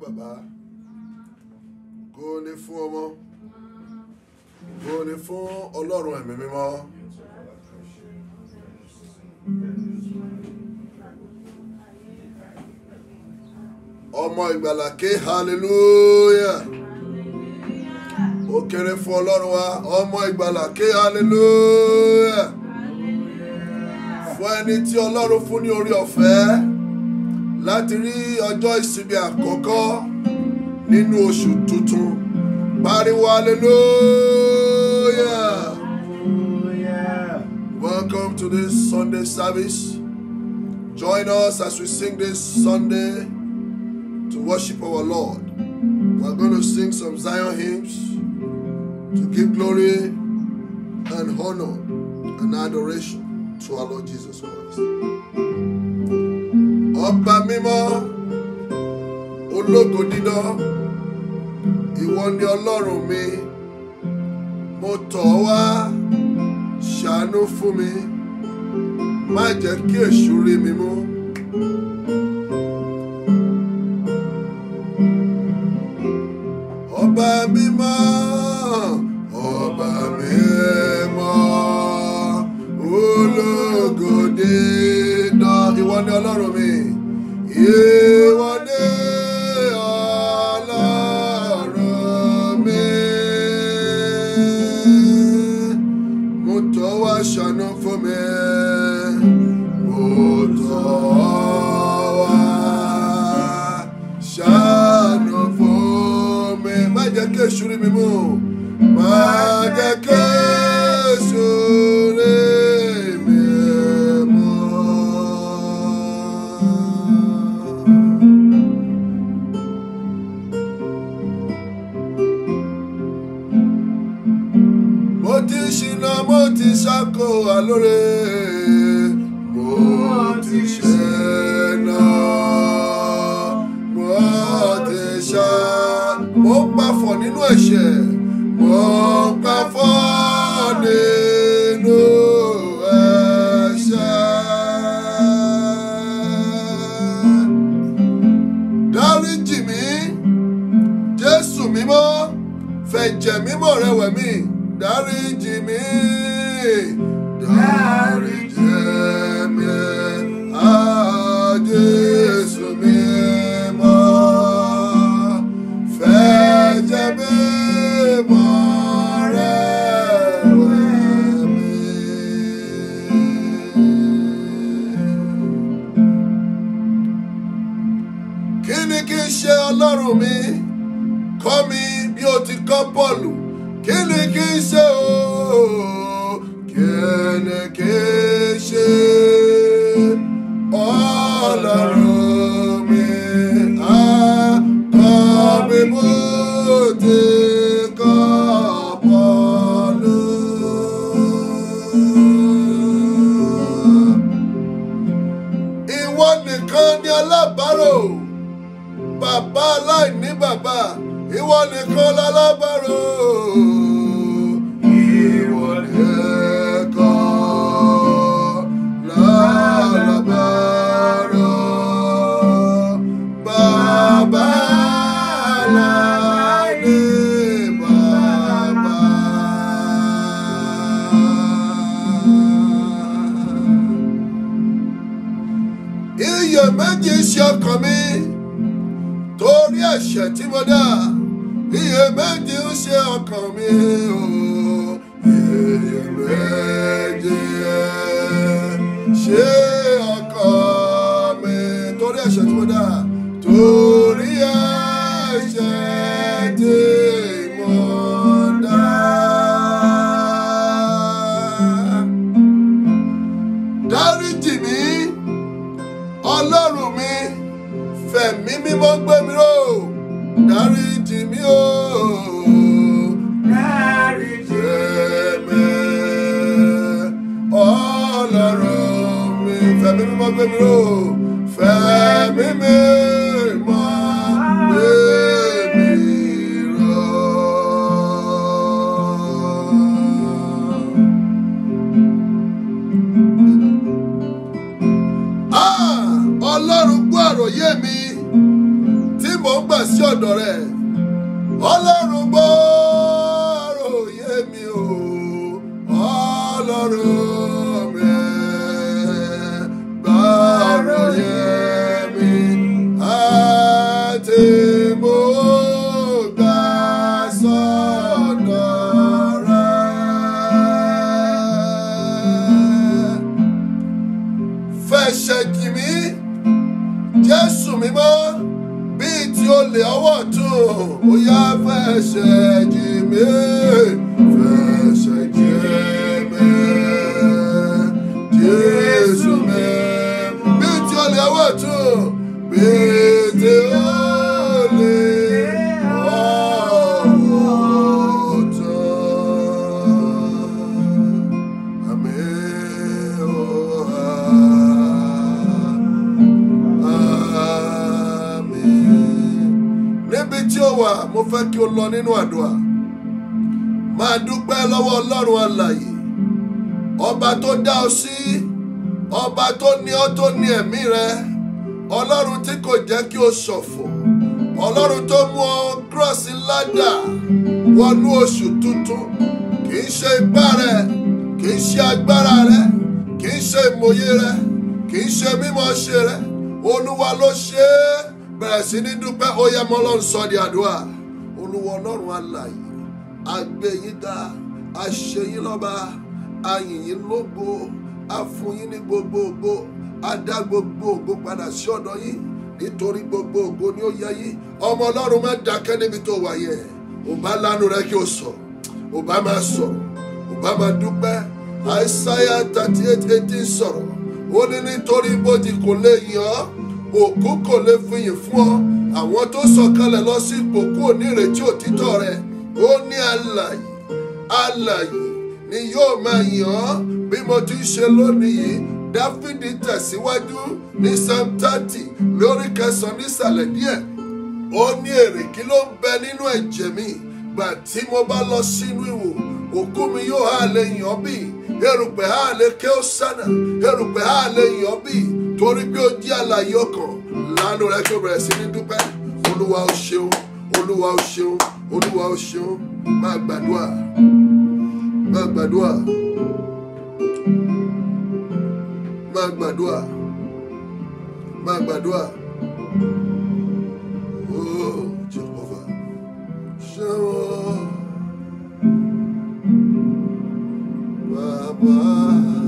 Baba, kó ní fún ọmọ kó ní fún ọlọ́run ẹ̀mí mímọ́. ọmọ ìgbàlà ké hallelujah ó kéré fún ọlọ́run wa ọmọ ìgbàlà hallelujah fún ẹni tí ọlọ́run fún ní orí ọ̀fẹ́. láti rí ọjọ́ ìsinmi àkọ́kọ́ nínú oṣù tuntun pariwo hallelujah. Welcome to this Sunday service. Join us as we sing this Sunday to worship our Lord. We're going to sing some Zion hymns to give glory and honor and adoration to our Lord Jesus Christ. ọba mímọ́ ológo dídán ìwọ ni ọlọ́run mi mo tọ̀ ọ́ wá ṣàánú fún mi má jẹ́ kí èṣù rí mi mú. Yeah. lóore mo ti ṣe náà mo ti ṣe mo pa fọ̀ nínú ẹ̀ṣẹ̀ mo. méjì ṣe ọkàn mi torí ẹ̀ṣẹ̀ tí mo dá iye méjì ń ṣe ọkàn mi o iye méjì ṣe ọkàn mi torí ẹ̀ṣẹ̀ tí mo dá torí ẹ̀ṣẹ̀ tí. Monroe. Fell wà mo fẹ́ kí o lọ nínú àdúrà máa dúpẹ́ lọ́wọ́ ọlọ́run alàyè ọba tó dá ọ sí ọba tó ní ọ tó ní ẹ̀mí rẹ ọlọ́run tí kò jẹ́ kí o ṣọ̀fọ̀ ọlọ́run tó mú ọ kírọ̀sì ládà wọnú oṣù tuntun kì í ṣe ipá rẹ kì í ṣe agbára rẹ kì í ṣe ìmòye rẹ kì í ṣe mímọ̀ ṣe rẹ olúwa ló ṣe é. bẹ̀rẹ̀ sí ní dúpẹ́ ó yẹ mọ́ lọ́n sọ di àdúrà olúwa ọlọ́run alààyè àgbẹ̀yìntà àṣeyín lọ́ba àyìnyín lógo àfúnyín ní gbogbogbò adá gbogbogbò padà sí ọ̀dọ̀ yín nítorí gbogbogbò ni ó yẹ yín ọmọ ọlọ́run má dákẹ́ níbi tó wà yẹ ò lánàá rẹ kí o sọ ò bá máa sọ ò bá máa dúpẹ́ àìsáyà thirty eight eighteen sọ̀rọ̀ ó ní nítorí bó ti kò lè yàn ọ́ òkú kò lè fiyìn fún ọ àwọn tó sọ̀kalẹ̀ lọ sí ipò kú onírètí òtítọ́ rẹ ó ní alàyè alàyè ni yóò máa yàn án bí mo ti ṣe lónìí yìí dáfídì tẹ̀síwájú ní psalm thirty lórí kẹsàn-án nísàlẹ̀ díẹ̀ ó ní èrè kí ló ń bẹ nínú ẹ̀jẹ̀ mi gbà tí mo bá lọ sínú ìwò òkú mi yóò há lè yàn bí erùpẹ̀ há lè ké ó sànà erùpẹ̀ há lè yàn bí torí pé ó jẹ́ àlàyé ọkàn lánàá rẹ kí o bẹ̀rẹ̀ sí ní dúpẹ́ olúwa ó ṣeun olúwa ó ṣeun olúwa ó ṣeun máa gbàdúrà máa gbàdúrà máa gbàdúrà máa gbàdúrà ooo oh, jehova ṣeun bàbá.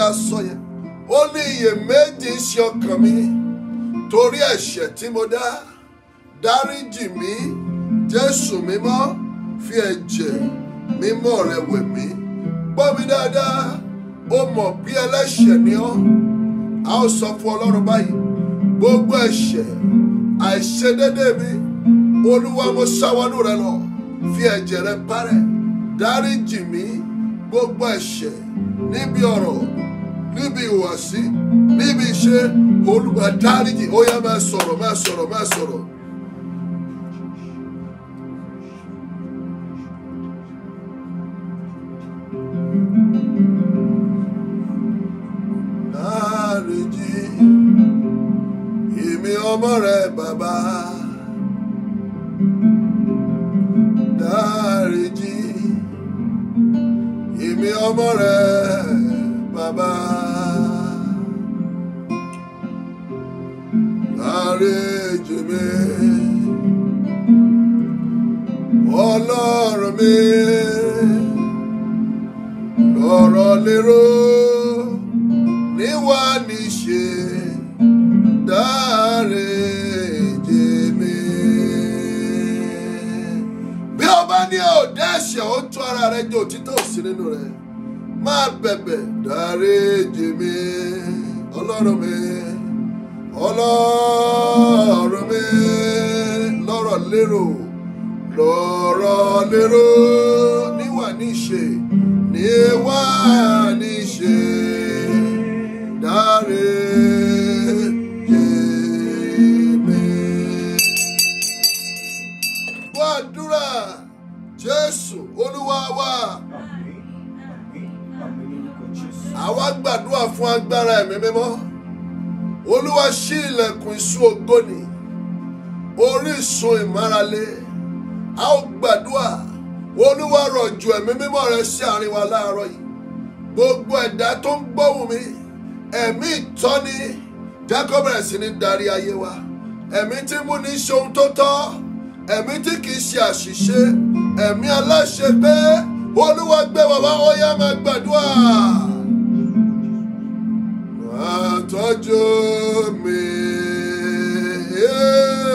a sọ yẹn ó ní iyèméjì ń ṣe ọkàn mi torí ẹ̀ṣẹ̀ tí mo dá dáríjì mi jésù mímọ́ fi ẹ̀jẹ̀ mímọ́ rẹ wẹ̀ mí gbọ́ mi dáadáa ó mọ̀ bí ẹlẹ́ṣẹ̀ ni ọ́ a ó sọ fún ọlọ́run báyìí gbogbo ẹ̀ṣẹ̀ àìṣedédé mi olúwa mo sáwọ́nù rẹ lọ fi ẹ̀jẹ̀ rẹ parẹ́ dáríjì mi gbogbo ẹ̀ṣẹ̀ níbi ọ̀rọ̀ níbi ìwàsí níbi iṣẹ́ olùgbà dáríjì ó yá máa sọ̀rọ̀ máa sọ̀rọ̀ máa sọ̀rọ̀. dáríjì èmi Abero gbàdúrà olúwa rọ̀jò ẹ̀mí mímọ́ rẹ sí àárín wa láàárọ̀ yìí gbogbo ẹ̀dá tó ń gbóhùn mi ẹ̀mí ìtọ́ni jacob bẹ̀rẹ̀ sí ní darí ayé wa ẹ̀mí tí mú ní ṣe ohun tó tọ́ ẹ̀mí tí kì í ṣe àṣìṣe ẹ̀mí aláṣẹ pé olúwa gbé bàbá ọyá máa gbàdúrà. Àtọ́jú mi. Yeah.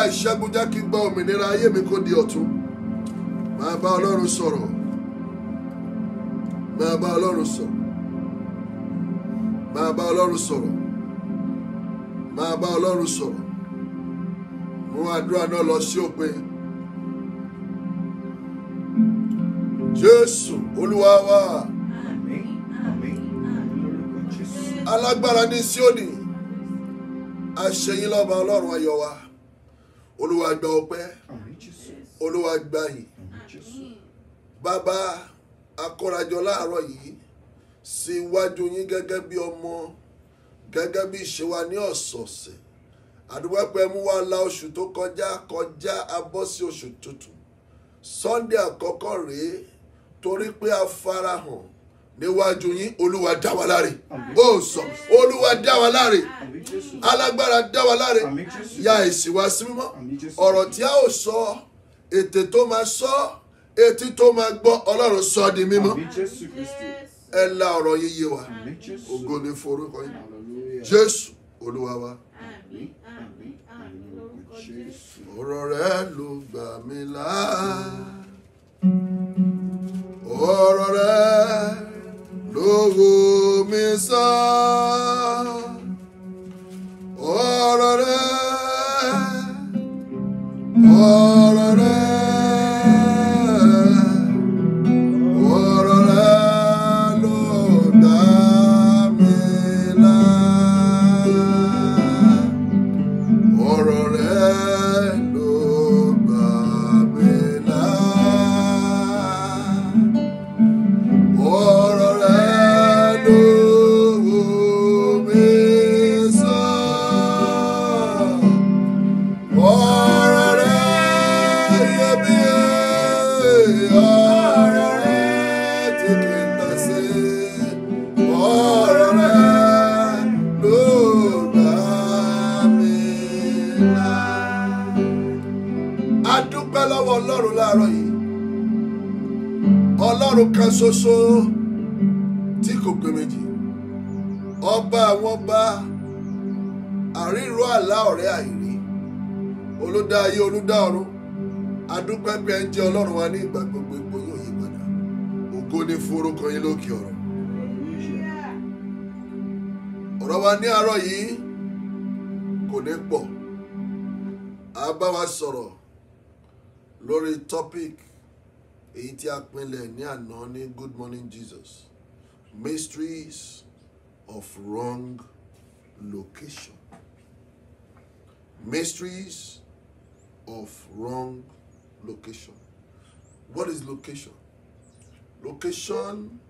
gba ìṣẹ́gun jẹ́ kí n gba òmìnira ayé mi kó di ọ̀tun máa bá ọlọ́run sọ̀rọ̀ máa bá ọlọ́run sọ̀rọ̀ máa bá ọlọ́run sọ̀rọ̀ máa bá ọlọ́run sọ̀rọ̀ mú àdúrà náà lọ sí òpin jésù olúwa wa alágbára ní Síónì àṣeyín lọ́ba ọlọ́run ayọ̀ wa. Amen. Amen. Amen olúwa gba ọpẹ́ olúwa gba yìí bàbá akọ́rajọ láàárọ̀ yìí sí iwájú yín gẹ́gẹ́ bí ọmọ gẹ́gẹ́ bí ìṣe wa ní ọ̀sọ̀ọ̀sẹ̀ àdúgbò pé mú wa la oṣù tó kọjá kọjá abọ́ sí oṣù tuntun Sunday àkọ́kọ́ rèé torí pé a farahàn níwájú yín olúwa dá wa láre ó sọ olúwa dá wa láre alágbára dá wa láre ya èsì wa sí mímọ́ ọ̀rọ̀ tí a ó sọ ètè tó máa sọ etí tó máa gbọ́ ọlọ́run sọ di mímọ́ ẹ la ọ̀rọ̀ yín wa ògo ni forúkọ yín jésù olúwa wa ọ̀rọ̀ rẹ ló gbà mí là ọ̀rọ̀ rẹ. lówó mi sá kan ṣoṣo tí kò pé méjì ọba àwọn ọba àríró àlá ọ̀rẹ́ àìrí olódá ayé olódá ọ̀run adúpẹ́ pé ẹ ń jẹ́ ọlọ́run wa ní ìgbà gbogbo ipò yóò yí padà ògo ni fún orúkọ yín lókè ọ̀run. ọ̀rọ̀ wa ní àárọ̀ yìí kò ní pọ̀ a bá wa sọ̀rọ̀ lórí topic èyí tí a pinlẹ̀ ní àná ní good morning jesus mysteries of wrong location mysteries of wrong location what is location location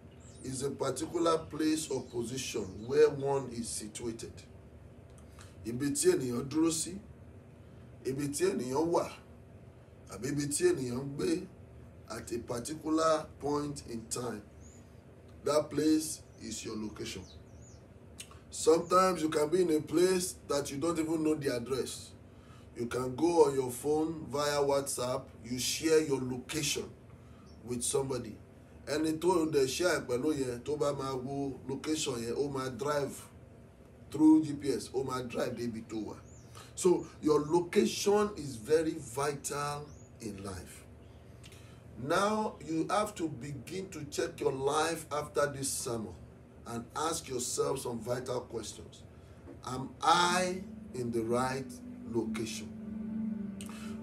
is a particular place or position where one is situated ibi tí ènìyàn dúró sí ibi tí ènìyàn wà àbí ibi tí ènìyàn gbé at a particular point in time. That place is your location. Sometimes you can be in a place that you don't even know the address. You can go on your phone via WhatsApp, you share your location with somebody. Ẹni tó dẹ̀ share pẹ̀lú yẹn tó bá máa wo location yẹn ó máa drive through GPS ó máa drive débi tó wà. So your location is very vital in life. Now you have to begin to check your life after this sermon and ask yourself some vital questions. Am I in the right location?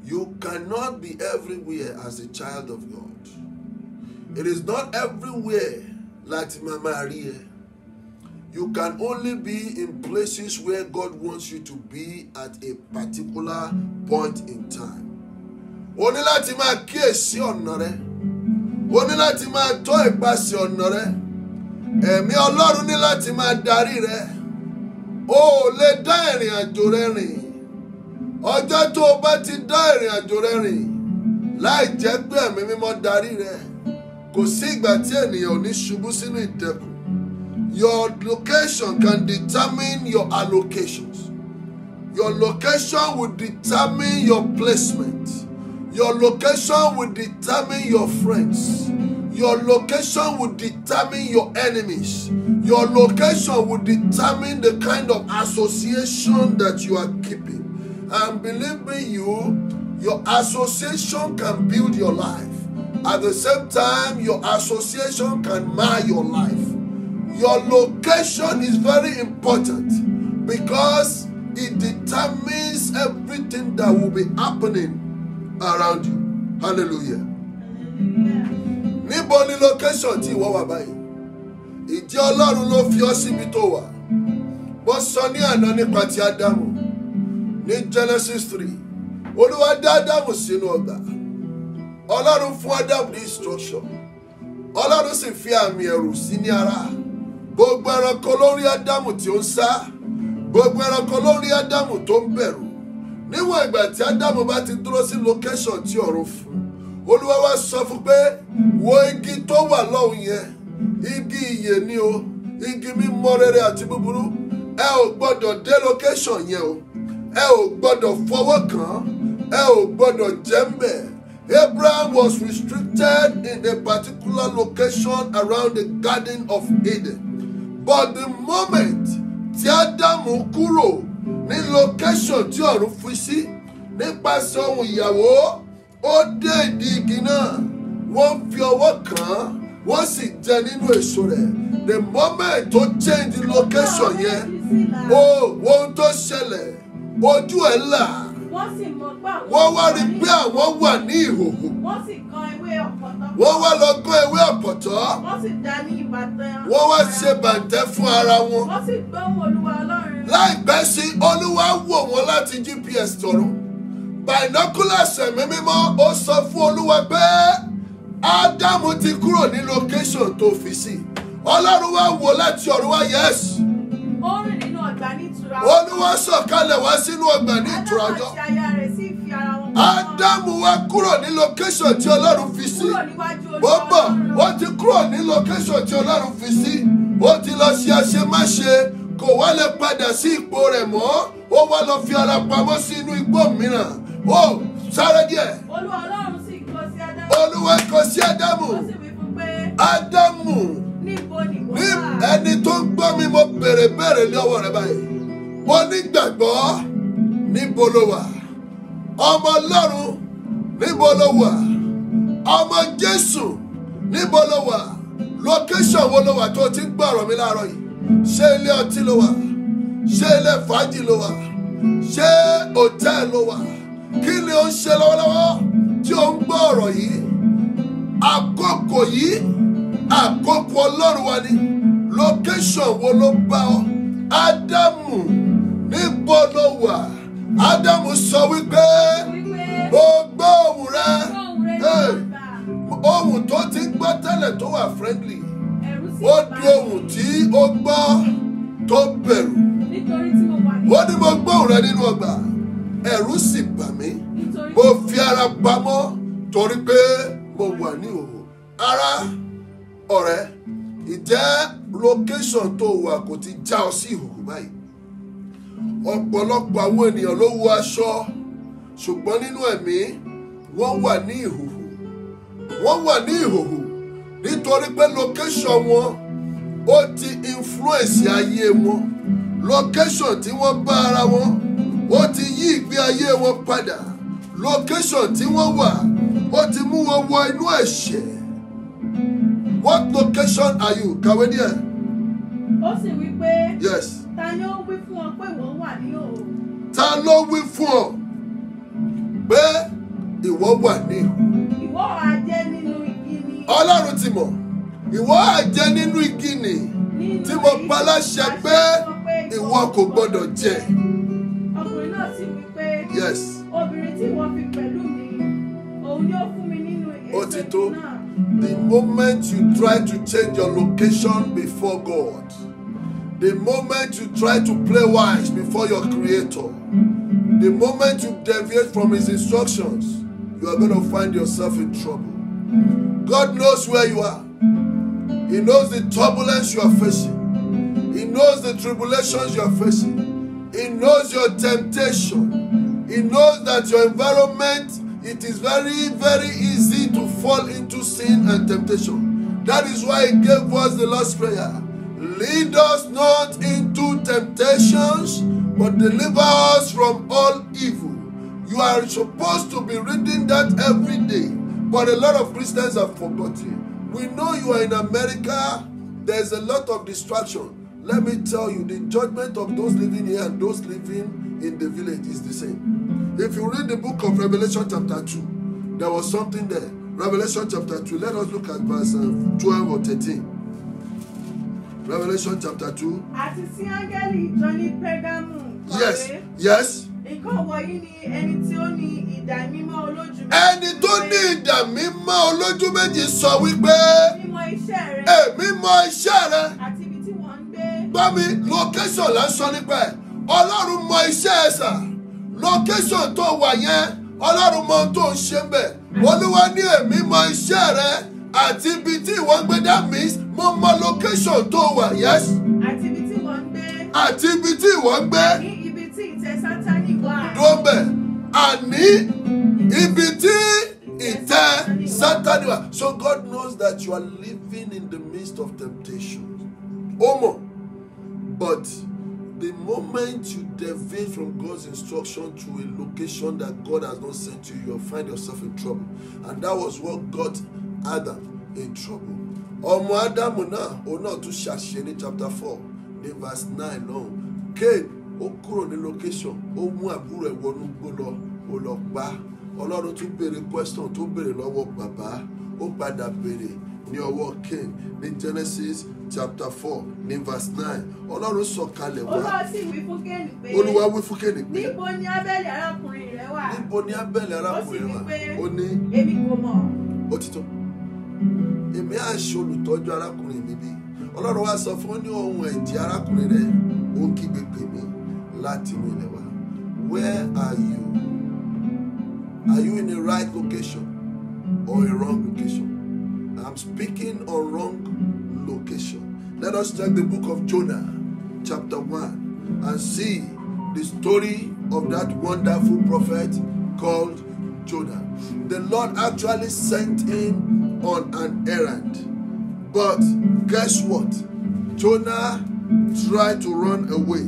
You cannot be everywhere as a child of God. It is not everywhere like Mama Maria. You can only be in places where God wants you to be at a particular point in time. o ní láti máa kíyèsí ọ̀nà rẹ o ní láti máa tọ́ ìpasẹ̀ ọ̀nà rẹ ẹ̀mí ọlọ́run ní láti máa darí rẹ o ò lè dá ìrìn àjò rẹ rìn ọjọ́ tó o bá ti dá ìrìn àjò rẹ rìn láì jẹ́ pé ẹ̀mí mímọ́ darí rẹ kò sí ìgbà tí ènìyàn ò ní ṣubú sínú ìdẹ̀kùn your location can determine your allocations your location will determine your placement. Your location will determine your friends. Your location will determine your enemies. Your location will determine the kind of association that you are keeping. And believe me, you, your association can build your life. At the same time, your association can mar your life. Your location is very important because it determines everything that will be happening around you hallelujah níbo ni location tí ìwọ wà báyìí ìjẹ́ ọlọ́run ló fi ọ́ síbi tó wà bó sọ ní àná nípa ti ádámù ní genesis three olúwa dá ádámù sínú ọgbà ọlọ́run fún ádámù ní instruction ọlọ́run sì fi àmì ẹ̀rù sí ní ara gbogbo ẹranko lórí ádámù tí ó ń sá gbogbo ẹranko lórí ádámù tó ń bẹ̀rù níwọ̀n ìgbà tí ádámù bá ti dúró sí location tí ọ̀run fún olúwa wá sọ fún pé wo igi tó wà lọ́hùn yẹn igi ìyè ni o igi mímọ́ rere àti búburú ẹ ò gbọ́dọ̀ dé location yẹn o ẹ ò gbọ́dọ̀ fọwọ́ kàn án ẹ ò gbọ́dọ̀ jẹ mbẹ̀. Abraham was restricted in a particular location around the Garden of Eden. But the moment tí Ádámù kúrò ní location tí ọ̀run fi sí nípasẹ̀ ohun ìyàwó ó dé ìdí igi náà wọ́n fi ọwọ́ kàn án wọ́n sì jẹ nínú èso rẹ̀ the moment tó change location yẹn ó ohun tó ṣẹlẹ̀ ojú ẹ̀ là wọ́n wá rí pé àwọn wà ní ìhòòhò wọ́n wá lọ gán ewé ọ̀pọ̀tọ́ wọ́n wá ṣe bàǹtẹ́ fún ara wọn. wọ́n sì gbóhùn Olúwa Ọlọ́run láìpẹ́ sí olúwa wò wọ́n láti gps tọ̀run binoculars ẹ̀mí mímọ́ ó sọ fún olúwa pé ádámù ti kúrò ní location tó fi sí ọlọ́run wá wò láti ọ̀run wá yes. ó rìn nínú ọgbà ní ìtura ọjọ́ olúwa sọ̀kalẹ̀ wá sínú ọgbà ní ìtura ọjọ́ ádámù àti aya rẹ̀ sì fi ara wọn. ádámù wá kúrò ní location tí ọlọ́run fi sí gbogbo ó ti kúrò ní location tí ọlọ́run fi sí ó ti lọ ṣe àṣemáṣe kò wá lè padà sí ipò rẹ̀ mọ́ ó wá lọ fi ara pamọ́ sí inú igbó mìíràn ó sáré díẹ̀. olúwa ọlọ́run sì kọ sí ádámù. olúwa kọ sí ádámù. ó sì wí fún pé. ádámù. níbo ni mo wà. ẹni tó ń gbọ́ mi mo béèrè béèrè lọ́wọ́ rẹ báyìí mo nígbàgbọ́ níbo ló wà ọmọ ọlọ́run níbo ló wà ọmọ jésù níbo ló wà lókẹ́sàn wo ló wà tó ti gbọ́ ọ̀rọ̀ mi láàárọ̀ yìí ṣé ilé ọtí ló wà ṣé ilé fàájì ló wà ṣé hòtẹ́ẹ̀ ló wà kí ni ó ń ṣe lọ́wọ́lọ́wọ́ tí ó ń gbọ́ ọ̀rọ̀ yìí àkókò yìí àkókò ọlọ́run wa ni location wo ló bá ọ ádámù níbo ló wà ádámù sọ wípé mo gbọ́ ohùn rẹ ohùn tó ti gbọ́ tẹ́lẹ̀ tó wà friendly ó di ohùn tí ó gbọ́ tó bẹ̀rù ó ní mo gbọ́ rẹ nínú ọgbà ẹ̀rù sì bà mí mo fi ara pamọ́ torí pé mo wà ní òhò ara ọ̀rẹ́ ìjẹ́ location tó wà kò ti já ọ sí ìhòòhò báyìí ọ̀pọ̀lọpọ̀ àwọn ènìyàn ló wọ aṣọ ṣùgbọ́n nínú ẹ̀mí wọ́n wà ní ìhòòhò wọ́n wà ní ìhòòhò nítorí pé location wọn ó ti influence ayé wọn location tí wọ́n bá ara wọn ó ti yí ìgbé ayé wọn padà location tí wọ́n wà ó ti mú wọn wọ inú ẹ̀ṣẹ̀ what location are you kàwé díẹ̀. ó sì wí pé. yes. ta ni ó wí fún ọ pé ìwọ wà ní òòrùn. ta ló wí fún ọ pé ìwọ wà ní òòrùn ọlọ́run ti mọ̀ ìwọ àjẹ nínú igi nì tí mo pa láṣẹ pé ìwọ kò gbọdọ̀ jẹ. ọkùnrin náà sì wí pé obìnrin tí wọ́n fi pẹ̀lú mi òun yóò fún mi nínú èso náà. The moment you try to change your location before God, the moment you try to play wise before your Creator, the moment you deviate from His instructions, you are going to find yourself in trouble. God knows where you are. He knows the turbulence you are facing. He knows the tribulations you are facing. He knows your temptation. He knows that your environment, it is very, very easy to fall into sin and temptation. That is why he gave us the Lord's Prayer. Lead us not into temptations, but deliver us from all evil. You are supposed to be reading that every day. But a lot of Christians have forgotten. We know you are in America, there's a lot of distraction. Let me tell you, the judgment of those living here and those living in the village is the same. If you read the book of Revelation, chapter 2, there was something there. Revelation chapter 2, let us look at verse 12 um, or 13. Revelation chapter 2. Yes, yes. Nǹkan ni ẹni tí ó ní idà mímọ́ olójú méjì. Ẹni tó ní idà mímọ́ olójú méjì sọ wípé. Mímọ̀ iṣẹ́ rẹ. Èmi location là ń sọ nípa ẹ̀. Ọlọ́run mọ̀ iṣẹ́ ẹ Location tó wà yẹn, Ọlọ́run mọ̀ ohun tó ń ṣe bẹ̀. Olúwa ní èmi mọ̀ iṣẹ́ rẹ àti ibi tí ìwọ gbé that means mo mọ̀ location tó wà yes. Àti ibi tí ìwọ ń gbé dúró bẹ̀ àní ibi tí ìtẹ́ sátani wà. So God knows that you are living in the midst of temptation. Omo. but the moment you deviate from God's instruction to a location that God has not sent you, you'll find yourself in trouble. And that was what got Adam in trouble. ọmọ Adamu náà òun náà tún ṣàṣe ní chapter four ní verse nine náà Cain ó kúrò ní location ó mú àbúrò ẹ̀ wọnú gbó lọ ó lọ pa ọlọ́run tún béèrè question tó béèrè lọ́wọ́ bàbá ó padà béèrè ní ọwọ́ Cain ní Genesis chapter four ní verse nine ọlọ́run sọ̀kalẹ̀ wá olúwa wí fún Cain pé níbo ni abẹ́lẹ̀ arákùnrin rẹ wà níbo ni abẹ́lẹ̀ arákùnrin rẹ wà ó ní èmi kò mọ̀ òtítọ́ èmi á ṣe olùtọ́jú arákùnrin mi bí ọlọ́run wá sọ fún ọ ní ohun ẹ̀jẹ̀ arákùnrin rẹ ó ń kígbe pè mí. láti inú where are you are you in the right location or a wrong location I'm speaking on wrong location let us check the book of Jonah chapter one and see the story of that wonderful prophet called Jonah. The Lord actually sent him on an errand. But guess what? Jonah tried to run away.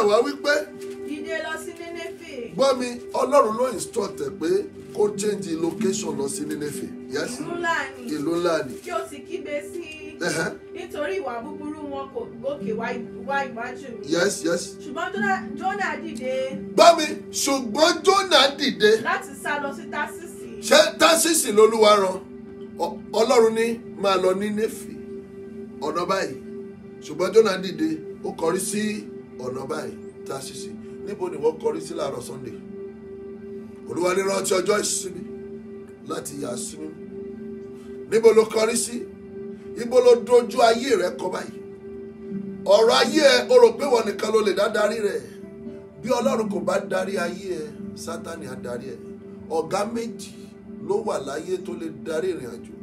àwa wípé. dìde lọ sí Nínéfè. gbọ́ mi ọlọ́run ló instruct pé kó change location lọ sí Nínéfè. ìlú ńlá ni ìlú ńlá ni. kí o sì kígbe sí i. nítorí ìwà búburú wọn kò gòkè wá ìwájú mi. yes yes. ṣùgbọ́n Jónà dìde. gbọ́ mi ṣùgbọ́n Jónà dìde. láti sá lọ sí Tásìsì. ṣé Tásìsì lolúwa rán ọlọ́run ní máa lọ Nínéfè ọ̀nà báyìí ṣùgbọ́n Jónà dìde ó kọrí sí. Si ọ̀nà báyìí tá a sì sí níbo ni wọ́n kọrí sí láàárọ̀ sunday olúwa ní rántí ọjọ́ ìsinmi láti yà sinmi níbo ló kọrí sí ibo ló dojú ayé rẹ kọ báyìí ọ̀rọ̀ ayé ẹ o rò pé wọn nìkan ló lè dá darí rẹ bí ọlọ́run kò bá darí ayé ẹ sátani á darí ẹ ọ̀gá méjì ló wà láyé tó lè darí ìrìn àjò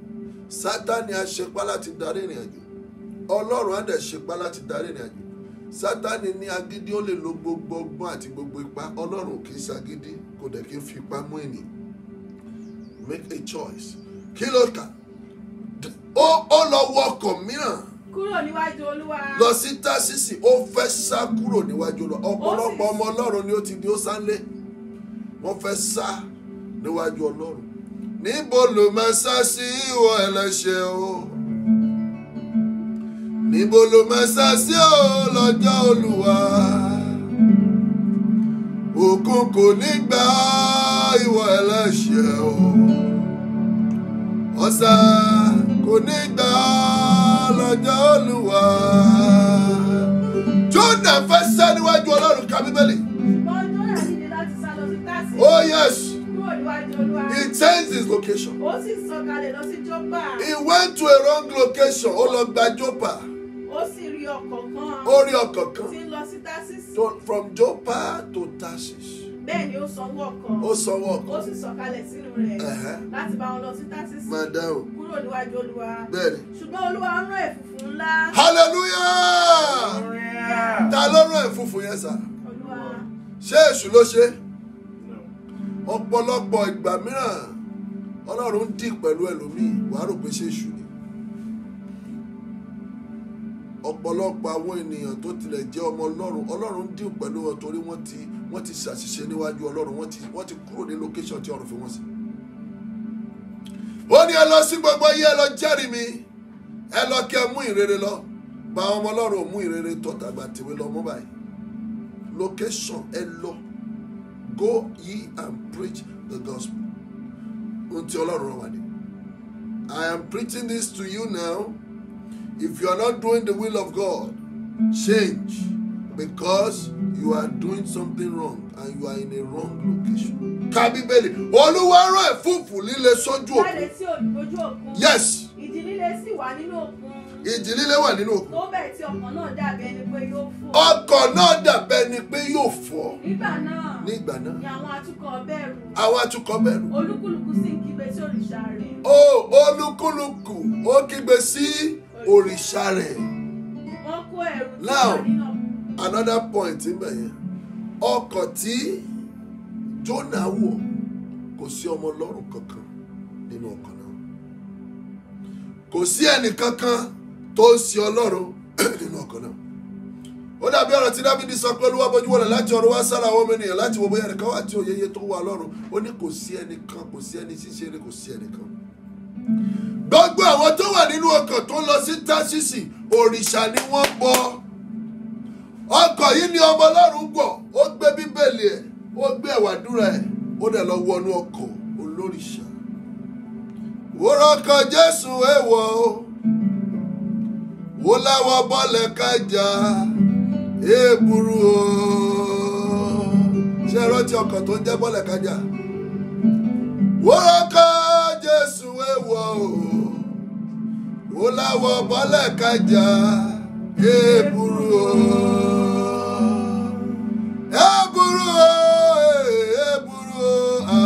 sátani á ṣepá láti darí ìrìn àjò ọlọ́run á dẹ̀ ṣepá láti darí ìrìn àjò sátani ní agídí ó lè lo gbogbo ọgbọ́n àti gbogbo ipá ọlọ́run kì í ṣagídí kò dẹ̀ kí n fi ipá mú ènìyàn make a choice kí ló kà ó ó lọ wọ ọkọ̀ mìíràn kúrò níwájú olúwa. lọ sí tásìsì ó fẹ́ sá kúrò níwájú olúwa ọ̀pọ̀lọpọ̀ ọmọ ọlọ́run ni ó ti di ó sánlé wọ́n fẹ́ sá níwájú ọlọ́run níbo ló máa sá sí ìwọ ẹlẹ́ṣẹ̀ o níbo ló máa sá sí o lọ́jọ́ olúwa òkun kò ní gba ìwà ẹlẹ́ṣẹ̀ o ọ̀sà kò ní gba lọ́jọ́ olúwa Jónà fẹ́ sá níwájú ọlọ́run ka bíbélì. oh yes he changed his location. he went to a wrong location ó lọ gba Jópa orí ọkọ̀ kan. ti lọ sí Tarsis. from Joppa to Tarsis. bẹ́ẹ̀ ni ó sanwó ọkọ̀. ó sanwó ọkọ̀. ó sì sọ̀kalẹ̀ sínú rẹ̀. láti bá wọn lọ sí Tarsis. máa dáhùn. kúrò níwájú Olúwa. bẹ́ẹ̀ni. ṣùgbọ́n Olúwa ń rán ẹ̀fùfù ńlá. hallelujah. ta ló rán ẹ̀fùfù yẹn sà. Olúwa. ṣé èṣù ló ṣe? ọ̀pọ̀lọpọ̀ ìgbà mìíràn Ọlọ́run ń dì pẹ̀lú ẹlòmíì wàá rò pé ṣé èṣù ọ̀pọ̀lọpọ̀ àwọn ènìyàn tó tilẹ̀ jẹ́ ọmọ ọlọ́run ọlọ́run ń dìbò pẹ̀lú wọn torí wọ́n ti wọ́n ti ṣàṣìṣe níwájú ọlọ́run wọ́n ti wọ́n ti kúrò ní location tí ọ̀run fi wọ́n sí. ó ní ẹ lọ sí gbogbo ayé ẹ lọ jẹ́rìí mi ẹ lọ kí ẹ mú ìrere lọ bá ọmọ ọlọ́run mú ìrere tọ̀ tàgbà tèwe lọ mú báyìí location ẹ lọ go ye and preach the gospel ohun tí ọlọ́run rán wa I am preaching this to you now. If you are not doing the will of God, change because you are doing something wrong and you are in a wrong location. Ka Bíbélì, Olúwa rán ẹ̀fúùfù líle sójú òkun. Yes. Ìjì líle sì wà nínú òkun ìjì líle wà nínú òkun. tó bẹ̀ tí ọkọ̀ náà dàbẹ́ ni pé yóò fọ́. ọkọ̀ náà dàbẹ́ ni pé yóò fọ́. nígbà náà nígbà náà ni àwọn atukọ̀ bẹ̀rù. àwọn atukọ̀ bẹ̀rù. olúkúlùkù sì ń kígbe sí òrìṣà rẹ̀. ó oh, olúkúlùkù ó kígbe sí. Si òrìṣà rẹ̀. now another point níbẹ̀ yẹn ọkọ̀ tí Jónà wọ̀ kò sí ọmọ lọ́rùn kankan nínú ọkọ̀ náà kò sí ẹnì kankan tó ń sin ọlọ́run nínú ọkọ̀ náà ó dàbí ọ̀rọ̀ tí dábìdì sọ pé olúwa bójú wọlé láti ọ̀run wá sára àwọn ọmọ ènìyàn láti wọ bóyá ẹnìkan wà tí òye iye tó wà lọ́run ó ní kò sí ẹnìkan kò sí ẹni ṣíṣe kò sí ẹnìkan gbogbo àwọn tó wà nínú ọkọ̀ tó ń lọ sí tásìsì òrìṣà ni wọ́n bọ ọkọ̀ yìí ni ọmọ ọlọ́run gbọ̀ ó gbé bíbélì ẹ̀ ó gbé ẹ̀wàdúrà ẹ̀ ó dẹ̀ lọ wọnú ọkọ̀ olórìṣà wúrọ̀ kan jésù èèwọ̀ o wò láwọn bọ́ọ̀lẹ̀ kájà èèbùrú o ṣé ẹ rántí ọkọ̀ tó ń jẹ́ bọ́ọ̀lẹ̀ kájà wúrọ̀ kan jésù. wọ̀ o ó láwọ̀ bọ́lẹ̀ kájà èèbùrú o èèbùrú o èèbùrú o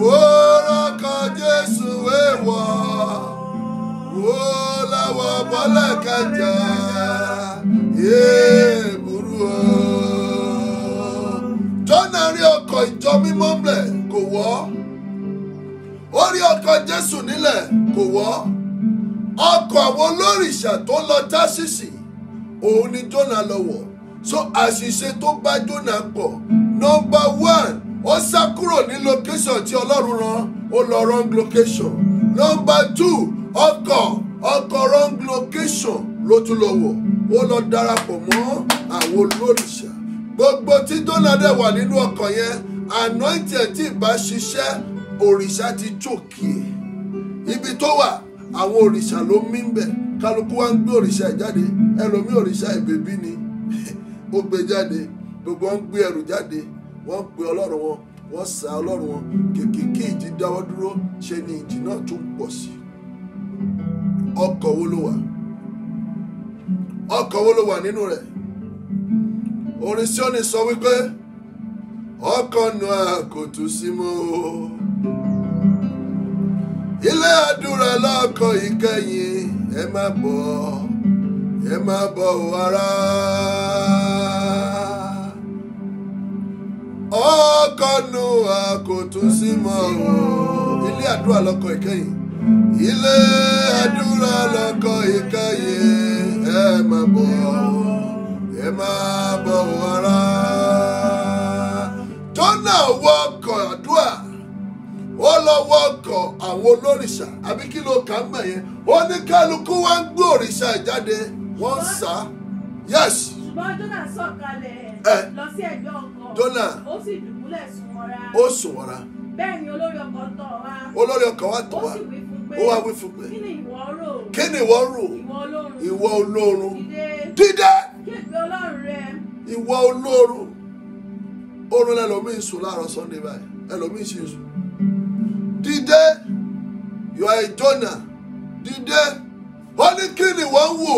wòórọ̀ kan Jésù wéwọ̀ ó láwọ̀ bọ́lẹ̀ kájà èèbùrú o. Jọ́nà rí ọkọ̀ ìjọ mímọ́ mlẹ̀ kò wọ́ ó rí ọkọ̀ jésù nílẹ̀ kò wọ́ ọkọ̀ àwọn olórìṣà tó lọ tásìsì òun ni jónà lọ so àṣìṣe tó bá jónà pọ̀ nọ́mbà one ó sá kúrò ní location tí ọlọ́run rán ó lọ wrong location nọ́mbà two ọkọ̀ ọkọ̀ wrong location ló tún lọ wọ̀ ó lọ darapọ̀ mọ́ àwọn olórìṣà gbogbo tí jónà dẹ̀ wà nínú ọkọ̀ yẹn anointing tí ì bá ṣiṣẹ́ òrìṣà ti jókè ibi tó wà àwọn òrìṣà ló mí ń bẹ̀ kálukú wa ń gbé òrìṣà jáde ẹlòmíì òrìṣà ìbèbí ni ó gbé jáde gbogbo wọn ń gbé ẹrù jáde wọn ń pe ọlọ́run wọn wọ́n sá ọlọ́run wọn kìkìkì ìjì dáwọ́ dúró ṣe ni ìjì náà tún pọ̀ sí ọkọ̀ wo ló wà ọkọ̀ wo ló wà nínú rẹ̀ orin Síónì sọ wípé ọkọ̀ náà kò sí mọ́ o. ilé àdúrà lọ́kọ̀ ìkẹyìn ẹ má bọ̀ ẹ má bọ̀ wàrà. ọkọ̀ nù Ile sí mọ́ o ilé àdúrà lọ́kọ̀ ìkẹyìn ilé àdúrà lọ́kọ̀ ìkẹyìn ẹ má ẹ má wàrà. àdúrà. ó lọ wọ ọkọ̀ àwọn olórìṣà àbí kí ló kà á mọ̀ yẹn ó ní kálukú wá ń gbé òrìṣà jáde wọ́n sá yes. ṣùgbọ́n jọ́nà sọ̀kalẹ̀ lọ sí ẹ̀gbẹ́ ọkọ̀ jọ́nà ó sì dùbúlẹ̀ sùn wọ́ra ó sùn wọ́ra bẹ́ẹ̀ ni olórí ọkọ̀ tọ̀ wá olórí ọkọ̀ wá tọ̀ wá ó sì wí fún pé ó wá wí fún pé kí ni ìwọ rò kí ni ìwọ rò ìwọ olórun dídé kéde ọlọ́run rẹ ìwọ olórun sunday báyìí ẹlòmí sì sùn Today you are a Jonah Today, ó King kí ni wọ́n wò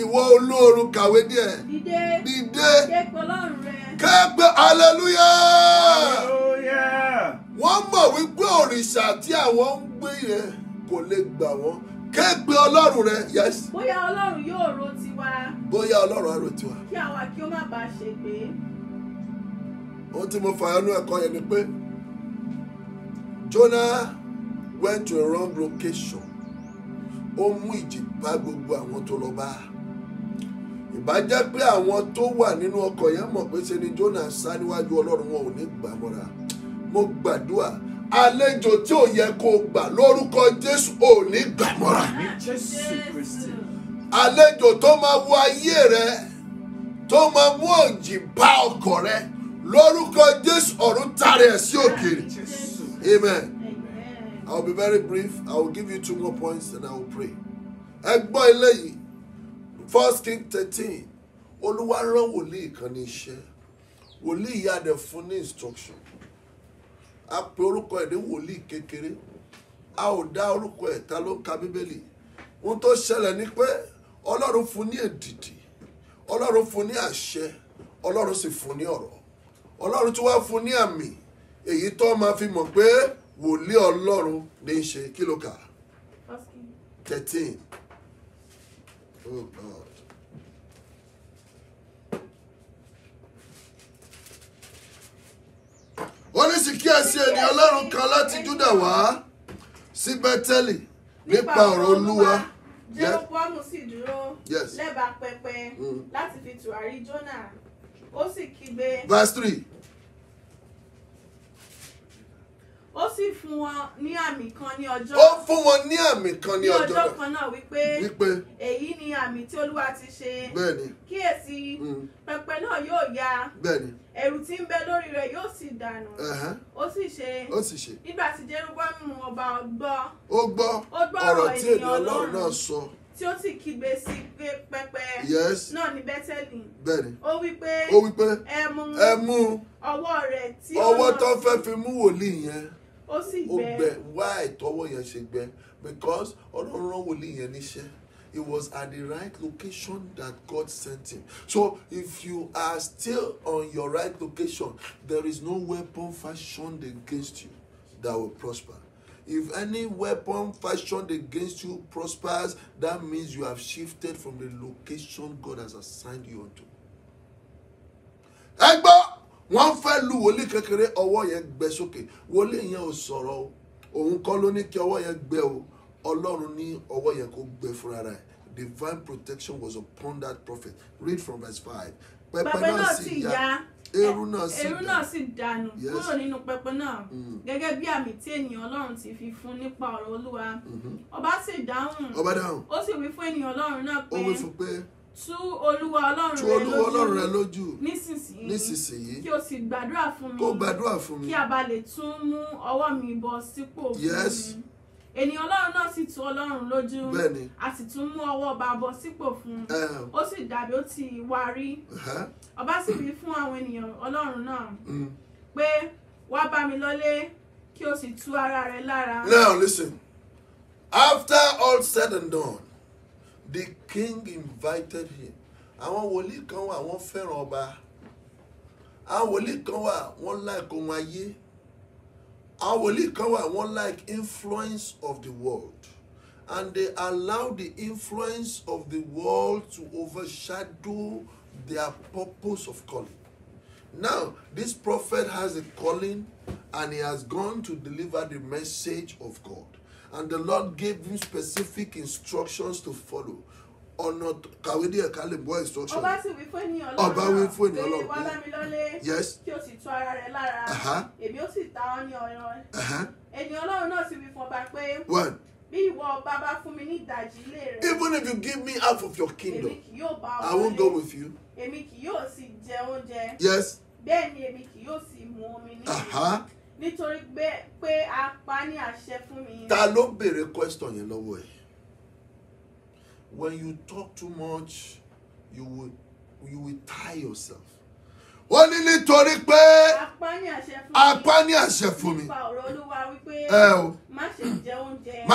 ìwọ olóorun kàwé díẹ̀ dìde kẹ́pẹ́ hallelujah wọ́n mọ̀ wípé òrìṣà tí àwọn ń gbé yẹn kò lè gbà wọ́n kẹ́gbẹ́ ọlọ́run rẹ yes. bóyá ọlọ́run yóò ro tiwa. bóyá ọlọ́run á ro tiwa. kí àwa kí ó má bàa ṣègbé. ohun tí mo fàyọ nú ẹ̀kọ́ yẹn ni pé Jonah went to a wrong location ó mú ìjì bá gbogbo àwọn tó lọ bá ìbá pé àwọn tó wà nínú ọkọ̀ yẹn mọ̀ pé ṣe ni Jonah sá níwájú Ọlọ́run wọn ò ní gbà mọ́ra mo gbàdúrà àlejò tí ò yẹ kó gbà lórúkọ Jésù ò ní gbà mọ́ra àlejò tó máa wọ ayé rẹ tó máa mú òjì bá ọkọ̀ rẹ lórúkọ Jésù ọ̀run tààrẹ ẹ̀ sí òkèèrè. Amen. Amen. I will be very brief. I will give you two more points and I will pray. Ẹgbọ́n eléyìí, First King thirteen, Olúwa rán wòlíì kan ní iṣẹ́. Wòlíì yá dẹ̀ fún ní instruction. A pe orúkọ ẹ̀ ní wòlíì kékeré. A ò dá orúkọ ẹ̀ ta ló ń ka Bíbélì. Ohun tó ṣẹlẹ̀ ni pé Ọlọ́run fún ní èdìdì. Ọlọ́run fún ní àṣẹ. Ọlọ́run sì fún ní ọ̀rọ̀. Ọlọ́run tí wọ́n fún ní àmì èyí tó máa fi mọ̀ pé wòlíì ọlọ́run ní í ṣe kí ló kà thirteen oh god ó ní sì kíyèsí ènìyàn ọlọ́run kan láti júdà wá sí bẹ́tẹ́lì nípa ọ̀rọ̀ olúwa jeroboamu sì dúró lẹ́bàá pẹpẹ mm. láti fi tùwárí Jónà ó sì kígbe. verse three. ó sì fún wọn ní àmì kan ní ọjọ́. ó fún wọn ní àmì kan ní ọjọ́ náà ní ọjọ́ kan náà wípé wípé èyí ni àmì tí olúwa ti ṣe. bẹ́ẹ̀ni kíyèsí mm. pẹpẹ náà yóò ya. bẹ́ẹ̀ni ẹ̀rù tí ń bẹ lórí rẹ̀ yóò sì dànù. ó sì ṣe ó sì ṣe nígbà tí jerúbọ́mù ọba gbọ́. ó gbọ́ ọ̀rọ̀ tí ènìyàn ọlọ́run náà sọ tí ó sì kígbe sí pẹpẹ náà ní bẹ́tẹ̀lì. bẹ́ẹ̀ni ó wí pé ó wí pé ẹ mú ọwọ́ rẹ̀ tí ó lọ sí ọwọ́ tó fẹ́ fi mú wòlíì yẹn ó sì gbẹ ó gbẹ why tọwọ́ yẹn ṣe gbẹ because ọlọ́run rán wòlíì yẹn níṣẹ́ it was at the right location that God sent him. So if you are still on your right location, there is no weapon fashioned against you that will prosper. If any weapon fashioned against you prospers, that means you have shifted from the location God has assigned you unto. Egbo! wọ́n fẹ́ lu wòlíì kékeré ọwọ́ yẹn gbẹ sókè wòlíì yẹn ò sọ̀rọ̀ o òun kọ́ ló ní kí ọwọ́ yẹn gbẹ o ọlọ́run ní ọwọ́ yẹn kó gbẹ fúnra rẹ̀ divine protection was upon that prophet read from verse five. pẹpẹ náà sì ya eru náà sì dànù eru náà sì dànù kúrò nínú pẹpẹ náà mm. gẹ́gẹ́ bí àmì tí ènìyàn Ọlọ́run ti fi fún nípa ọ̀rọ̀ Olúwa mm-hmm. ọba sì dáhùn ọba dáhùn ó sì wí fún ènìyàn Ọlọ́run náà pé ó wí fún pé tú olúwa ọlọ́run rẹ lójú nísinsìnyí kí o sì gbàdúrà fún mi kó gbàdúrà fún mi kí a bá lè tún mú ọwọ́ mi bọ sípò fún mi ènìyàn ọlọ́run náà sì tú ọlọ́run lójú a sì tún mú ọwọ́ ọba bọ sípò fún un ó sì dàbí ó ti wá rí ọba sì wí fún àwọn ènìyàn ọlọ́run náà mm. pé wá bá mi lọlé kí o sì tú ara rẹ lára. now listen after all said and done the king invited him àwọn wòlíì kan wà wọ́n fẹ́ràn ọba àwọn wòlíì kan wà wọ́n like ohun ayé àwọn wòlíì kan wà wọ́n like influence of the world and they allow the influence of the world to overshadow their purpose of calling now this prophet has a calling and he has gone to deliver the message of God and the Lord gave him specific instructions to follow ọ̀nà kàwé díẹ̀ ká lè bọ́ instruction. ọba sì wí fún ènìyàn lọ́rùn ọba wí fún ènìyàn lọ́rùn pé wá bá mi lọ́lé kí o sì tu ara rẹ lára èmi ó sì ta ọ́ ní ọ̀ràn ènìyàn ọlọ́run náà sì wí fún ọba pé bí ìwọ ọba bá fún mi ní ìdajì ilé rẹ. even if you give me half of your kingdom èmi kì yóò bá ọ wọlé I won't go with you. èmi kì yóò sì jẹ oúnjẹ. yes. bẹ́ẹ̀ ni èmi kì yóò sì mu omi ní ìlú nítorí pé wá ní àṣẹ fún mi. ta ló béèrè question yẹn lọ́wọ́ ẹ̀ when you talk too much you will you will tie yourself ó ní nítorí pé apá ní àṣẹ fún mi ẹ o má ṣe jẹ oúnjẹ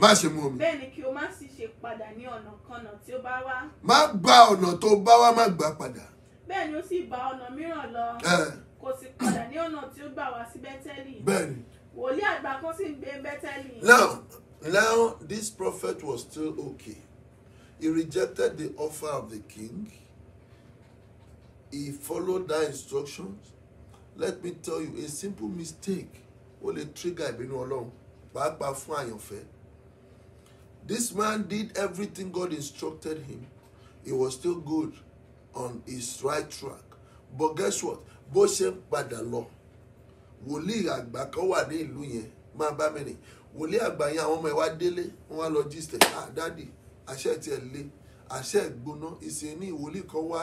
má ṣe mu omi bẹ́ẹ̀ ni kí o má sì ṣe padà ní ọ̀nà kanà tí ó bá wá. má gba ọ̀nà tó bá wá má gbà padà. bẹ́ẹ̀ ni ó sì bá ọ̀nà mìíràn lọ kò sì padà ní ọ̀nà tí ó gbà wá sí bẹ́tẹ́lì. bẹ́ẹ̀ni. wòlíì àgbà kan sì ń gbé bẹ́tẹ́lì. now now this prophet was still okay he rejected the offer of the king he followed that instructions let me tell you a simple mistake ó lè trigger ìbínú ọlọ́run pàápàá fún àyànfẹ́ this man did everything God instructed him he was still good on his right track but guess what bó ṣe ń padà lọ wòlíì àgbà kan wà ní ìlú yẹn máa bá mi rìn wòlíì àgbà yẹn àwọn ọmọ ẹ wá délé wọn wá lọ jíṣẹ ah dádì àṣẹ tiẹ lé àṣẹ ìgbóná ìsìn ní ìwòlíì kan wá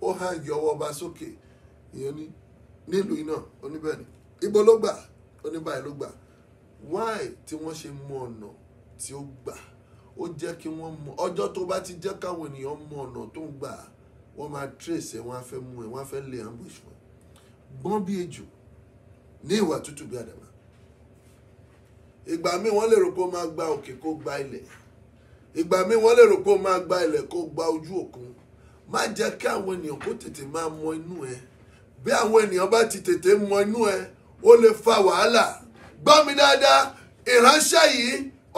ó hàn yọ ọwọ́ ọba sókè ìyẹn ní nílùú iná oníbẹ̀rẹ̀ ibo ló gbà oníbàyẹ̀ ló gbà wáì tí wọ́n ṣe mọ ọ̀nà tí ó gbà ó jẹ́ kí wọ́n mọ ọjọ́ tó bá ti jẹ́ káwọn ènìyàn mọ ọ̀nà tó ń gbà wọ́n máa tírèsì wọ́n á fẹ́ mú ẹ̀ wọ́n á fẹ́ lé ambush wọn gbọ́n bí ejò ní ìwà tútù bí àdàbà ìgbà míì wọ́n lè rò kó máa gba òkè kó gba ilẹ̀ ìgbà míì wọ́n lè rò kó máa gba ilẹ̀ kó gba ojú òkun má jẹ́ kí àwọn ènìyàn kó tètè máa mọ inú ẹ bí àwọn ènìyàn bá ti tètè mọ inú ẹ ó lè fa wàhálà gbọ́ mi dáadáa ìránṣẹ́ yìí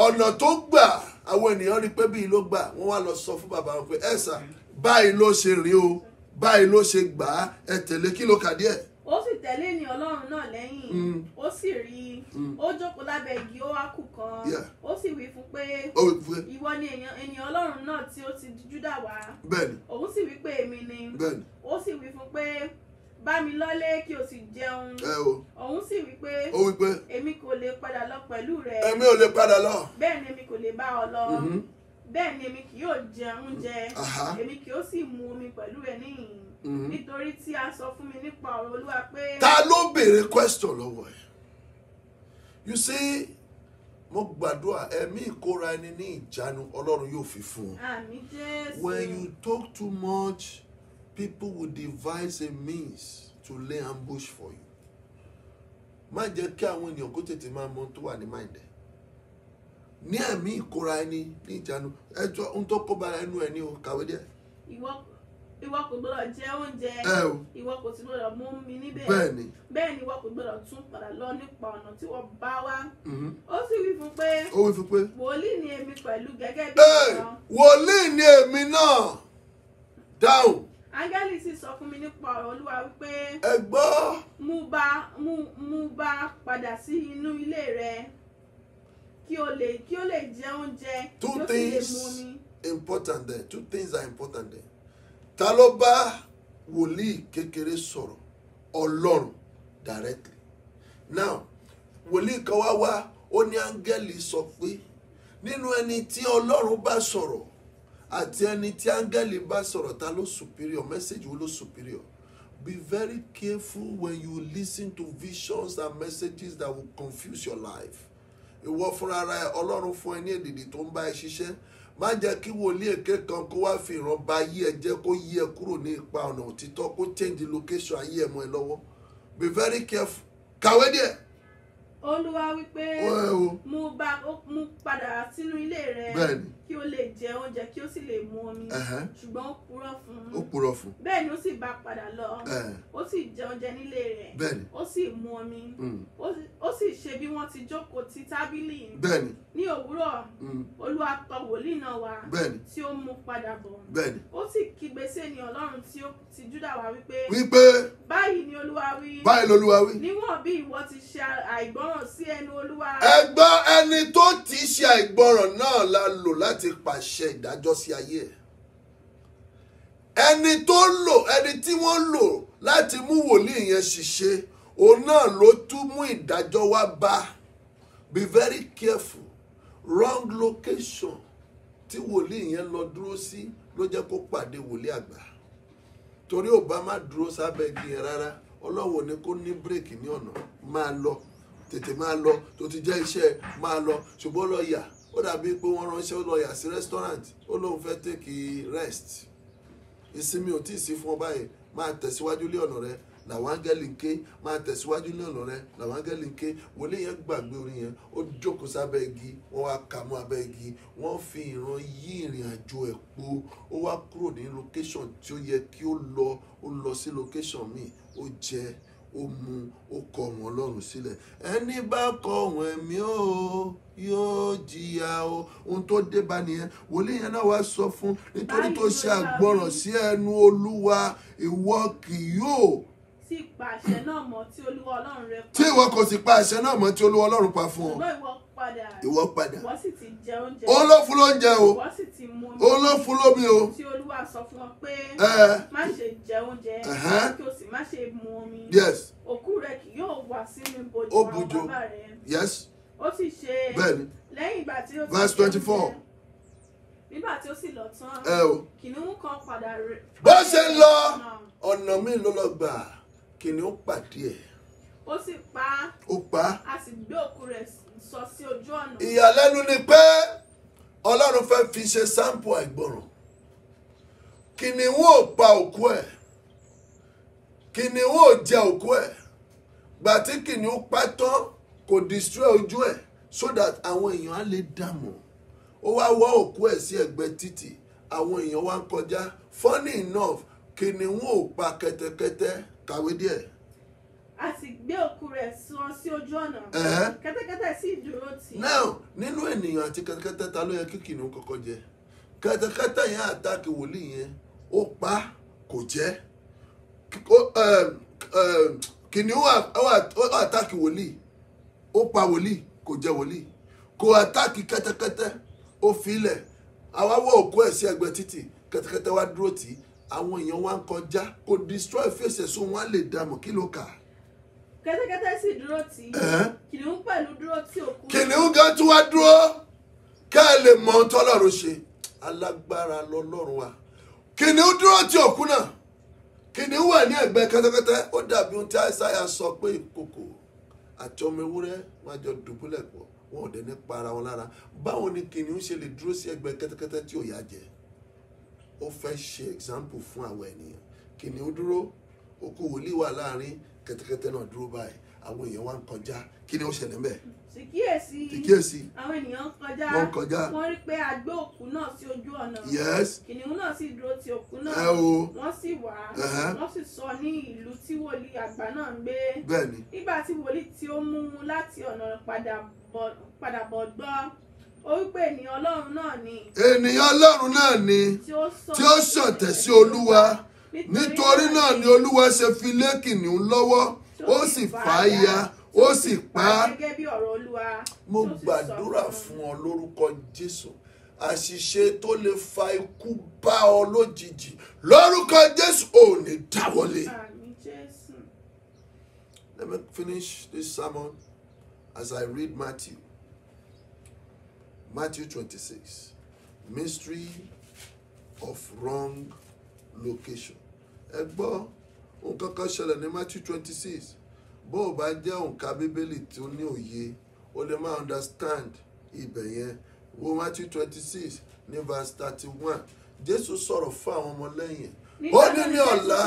ọ̀nà tó gbà àwọn ènìyàn rí pé bíi ló gbà wọ́n wá lọ sọ fún bàbá wọn pé ẹ̀sà báyìí ló ṣe rí o báyìí ló ṣe gbà á tẹ̀lé kí ló kà díẹ̀ ó sì tẹ̀lé ní ọlọ́run náà lẹ́yìn mm. ó sì rí i mm. ó jókòó lábẹ́ igi óákù kan ó sì wí fún pé ìwọ ni ènìyàn ọlọ́run náà tí ó ti júdà wá òun sì wí pé èmi ni ó sì wí fún pé bá mi lọ́lé kí o sì jẹun òun sì wí pé èmi kò lè padà lọ pẹ̀lú rẹ èmi ò lè padà lọ bẹ́ẹ̀ ni èmi kò lè bá ọ lọ mm-hmm. bẹ́ẹ̀ ni èmi kì yóò jẹ èmi kì yóò sì mu omi pẹ̀lú rẹ níhìn-ín. Mm-hmm. nítorí tí a sọ fún mi nípa olúwa pé. ta ló béèrè question lọ́wọ́ ẹ̀ you see mo gbàdúrà ẹ̀mí ìkóra ẹni ní ìjánu ọlọ́run yóò fi fún un. when you talk too much people will devise a means to lay ambush for you. má jẹ́ kí àwọn ènìyàn kó tètè máa mọ tó wà ní mind ẹ̀ ní ẹ̀mí ìkóra ẹni ní ìjánu ẹjọ́ ń tó kó bara ẹnu ẹ̀ ní o kàwé díẹ̀ ìwọ kò gbọdọ̀ jẹ oúnjẹ ìwọ kò sì gbọdọ̀ mú mi níbẹ̀ bẹ́ẹ̀ ni ìwọ kò gbọdọ̀ tún padà lọ nípa ọ̀nà tí wọ́n bá wá mm-hmm. ó sì wí fún pé ó wí fún pé wòlíì ni èmi pẹ̀lú gẹ́gẹ́ bí ìran wòlíì ni èmi náà dáhùn áńgẹ́lì sì sọ fún mi nípa ọ̀rọ̀ olúwa wípé ẹ mú bá mú bá padà sí inú ilé rẹ kí o lè kí o lè jẹ oúnjẹ kí o sì lè mú omi. two things important there two things are important there ta ló bá wòlíì kékeré sọ̀rọ̀ ọlọ́run directly now wòlíì kan wá wá ó ní áńgẹ́lì sọ pé nínú ẹni tí ọlọ́run bá sọ̀rọ̀ àti ẹni tí áńgẹ́lì bá sọ̀rọ̀ ta ló superior message wo ló superior be very careful when you listen to visions and messages that will confuse your life ìwọ fúnra ara ẹ ọlọ́run fún ẹ ní èdìdì tó ń bá ẹ ṣiṣẹ́ má jẹ́ kí wòlíì èké kan kó wá fi ìran ba ayé ẹ jẹ́ kó yí ẹ kúrò ní ipa ọ̀nà òtítọ́ kó change location ayé ẹ mọ́ ẹ lọ́wọ́ be very careful kàwé díẹ̀ olúwa wípé mú bá mú padà sínú ilé rẹ kí ó lè jẹ oúnjẹ kí ó sì lè mu omi ṣùgbọ́n ó purọ́ fún un ó purọ́ fún un bẹ́ẹ̀ ni ó sì bá padà lọ ó sì jẹ oúnjẹ nílé rẹ ó sì mu omi mm. ó sì ṣe bí wọ́n ti jókòó ti tábìlì ní òwúrọ̀ mm. olúwa tọ̀ wòlíì náà wá tí ó mú padà bọ̀ ó sì kígbe sí ènìyàn ọlọ́run tí ó ti júdà wá wípé wípé báyìí ni olúwa wí báyìí ni olúwa wí níwọ̀n bí ìwọ ti ṣe àìgbọ́ràn gbọ́ràn ẹni tó ti ṣe àìgbọ́ràn náà la lò láti pàṣẹ ìdájọ́ sí ayé ẹ̀ ẹni tó lò ẹni tí wọ́n lò láti mú wòlíì yẹn ṣiṣẹ́ òun náà ló tún mú ìdájọ́ wá bá be very careful wrong location tí wòlíì yẹn lọ dúró sí ló jẹ́ kó pàdé wòlíì àgbà torí ò bá má dúró sábẹ́ igi rárá ọlọ́wọ́ ni kò ní bírèkì ní ọ̀nà máa lọ tètè máa lọ tó ti jẹ́ iṣẹ́ máa lọ ṣùgbọ́n lọ́ọ̀yà ó dàbí pé wọ́n ránṣẹ́ lọ́ọ̀yà sí restaurant ó lóun fẹ́ take rest ìsinmi ò tí ì sí fún ọ báyìí máa tẹ̀síwájú lé ọ̀nà rẹ làwọn áńgẹ́lì ń ké máa tẹ̀síwájú ní ọ̀nà rẹ làwọn áńgẹ́lì ń ké wòlé yẹn gbàgbé orin yẹn ó jókòó sábẹ́ igi wọ́n wá kà mọ́ abẹ́ igi wọ́n fi ìran yí ìrìn àjò ẹ̀ po ó wá kúrò ní location tí ó yẹ kí ó lọ ó lọ sí location míì ó jẹ́ ó mú ó kọ wọn lọ́rùn sílẹ̀ ẹni bá kọ wọn ẹ̀mí o yóò jìyà o ohun tó dé bá nìyẹn wòlíì yẹn náà wá sọ fún nítorí tó ṣe àgbọràn sí ẹnu olúwa ìwọ kì yóò tí ìwọ kò sì pa àṣẹ náà mọ́ tí olúwa ọlọ́run pa fún ọ padà ìwọ padà òun ló fún lóúnjẹ o òun ló fún lómi o tí olúwa sọ fún ọ pé má ṣe jẹ oúnjẹ kí o sì má ṣe mu omi òkú rẹ kì yóò wá sínú ibojì àwọn bàbá rẹ ó sì ṣe lẹ́yìn ìgbà tí ó ti verse twenty four nígbà tí ó sì lọ tán kìnìún kan padà rẹ. bó ṣe ń lọ ọ̀nà míì ló lọ gbà kìnìún pàdé ẹ̀. ó sì pa á. ó pa á. a sì gbé òkú rẹ̀ sí sọ sí ojú ọ̀nà. ìyàlẹ́nu ni pé ọlọ́run fẹ́ fi ṣe sampo àìgbọràn kìnìún ò pa òkú ẹ̀ kìnìún ò jẹ òkú ẹ̀ gbà tí kìnìún pa tán kò destroy ojú ẹ̀ so that àwọn èèyàn á lè dààmú ó wá wọ́ òkú ẹ̀ sí ẹ̀gbẹ́ títì àwọn èèyàn wá ń kọjá funny enough kìnìún ò pa kẹtẹkẹtẹ kàwé díẹ̀ gbé òkú rẹ̀ sọ sí ojú ọ̀nà kẹ́tẹ́kẹ́tẹ́ sì dúró tì í. now nínú ènìyàn àti kẹ́tẹ́kẹ́tẹ́ ta ló yẹ kí kìnìún kọ́kọ́ jẹ kẹ́tẹ́kẹ́tẹ́ yẹn àtàkì wòlíì yẹn ó pa kò jẹ kìnìún àtàkì wòlíì ó pa wòlíì kò jẹ wòlíì kò àtàkì kẹ́tẹ́kẹ́tẹ́ ó filẹ̀ àwa wọ òkú ẹ̀ sí ẹgbẹ́ títì kẹ́tẹ́kẹ́tẹ́ wá dúró tì àwọn èèyàn wá ń kọjá kò destroy fèsì ẹ̀sùn wọn á lè dààmú kí ló kà á kẹ́tẹ́kẹ́tẹ́ sì dúró tì í kìnìún pẹ̀lú dúró tì òkú. kìnìún gan tún wá dúró kẹ́ ẹ lè mọ ohun tọ́lọ́run ṣe alágbára lọ́lọ́run wa kìnìún dúró tì òkú náà kìnìún wà ní ẹ̀gbẹ́ kẹ́tẹ́kẹ́tẹ́ ó dàbí ohun tí àìsáyà sọ pé ìkòkò àti ọmọ ewúrẹ́ wọn á jọ dùbúlẹ̀ pọ̀ wọn ò dẹ̀ ní para wọn lára báwo ni kìnìún ṣe lè dúró sí ẹ̀gbẹ́ kẹ́tẹ́kẹ́tẹ́ tí ò yá jẹ ó fẹ́ ṣe example fún àwọn ènìyàn kìnìún dúró òkú wòlíì wà láàrin kẹ́tẹ́kẹ́tẹ́ náà dúró báyìí àwọn èèyàn wa ń kọjá kí ni ó ṣẹlẹ̀ mbẹ̀. tìkíyèsí tìkíyèsí àwọn ènìyàn ń kọjá wọ́n kọjá wọ́n rí pé a gbé òkú náà sí ojú ọ̀nà. yes kìnìún náà sì dúró ti òkú náà. ẹ o wọ́n sì wá wọ́n sì sọ ní ìlú tí wòlíì àgbà náà ń gbé. bẹ́ẹ̀ni. nígbà tí wòlíì tí ó mú un láti ọ̀nà padà bọ̀ gbọ́ ó wípé ènìyàn ọlọ́run náà ni. ènìyàn ọlọ́run náà ni tí ó ṣọ̀tẹ̀ sí olúwa nítorí náà ni olúwa ṣe fi lé lọ́wọ́ ó sì fà á ya ó sì pa á. mo gbàdúrà fún ọ lórúkọ jésù àṣìṣe tó lè fa ikú bá ọ lójijì lórúkọ jésù ò ní dáwọ́lé. Let me finish this sermon as I read Matthew. Matthew 26. Mystery of wrong location ẹ gbọ́ nǹkan kan ṣẹlẹ̀ ní Matthew twenty six bó o bá jẹ́ òǹkà bíbélì tí ó ní òye o lè máa understand ibẹ̀ yẹn wo Matthew twenty six ní verse thirty one Jésù sọ̀rọ̀ fún àwọn ọmọlẹ́yìn ó ní ní ọ̀la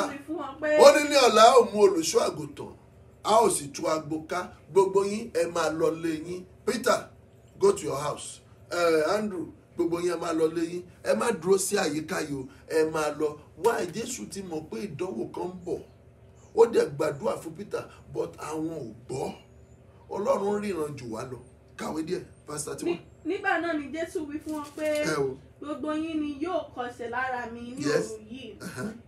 ó ní ní ọ̀la ó mú olùṣọ́ àgùntàn a ó sì tú agbo ká gbogbo yín ẹ máa lọ lé yín Peter go to your house uh, Andrew gbogbo yẹn máa lọ lẹ́yìn ẹ má dúró sí àyíká yìí o ẹ máa lọ wá jésù ti mọ̀ pé ìdánwò kan ń bọ̀ ó dẹ̀ gbàdúrà fún peter but àwọn ò gbọ́ ọlọ́run ríran jù wá lọ kàwé díẹ̀ pásítà tí wọ́n. nígbà náà ni jésù wí fún wọn pé gbogbo yín ni yóò kọsẹ̀ lára mi ní òru yìí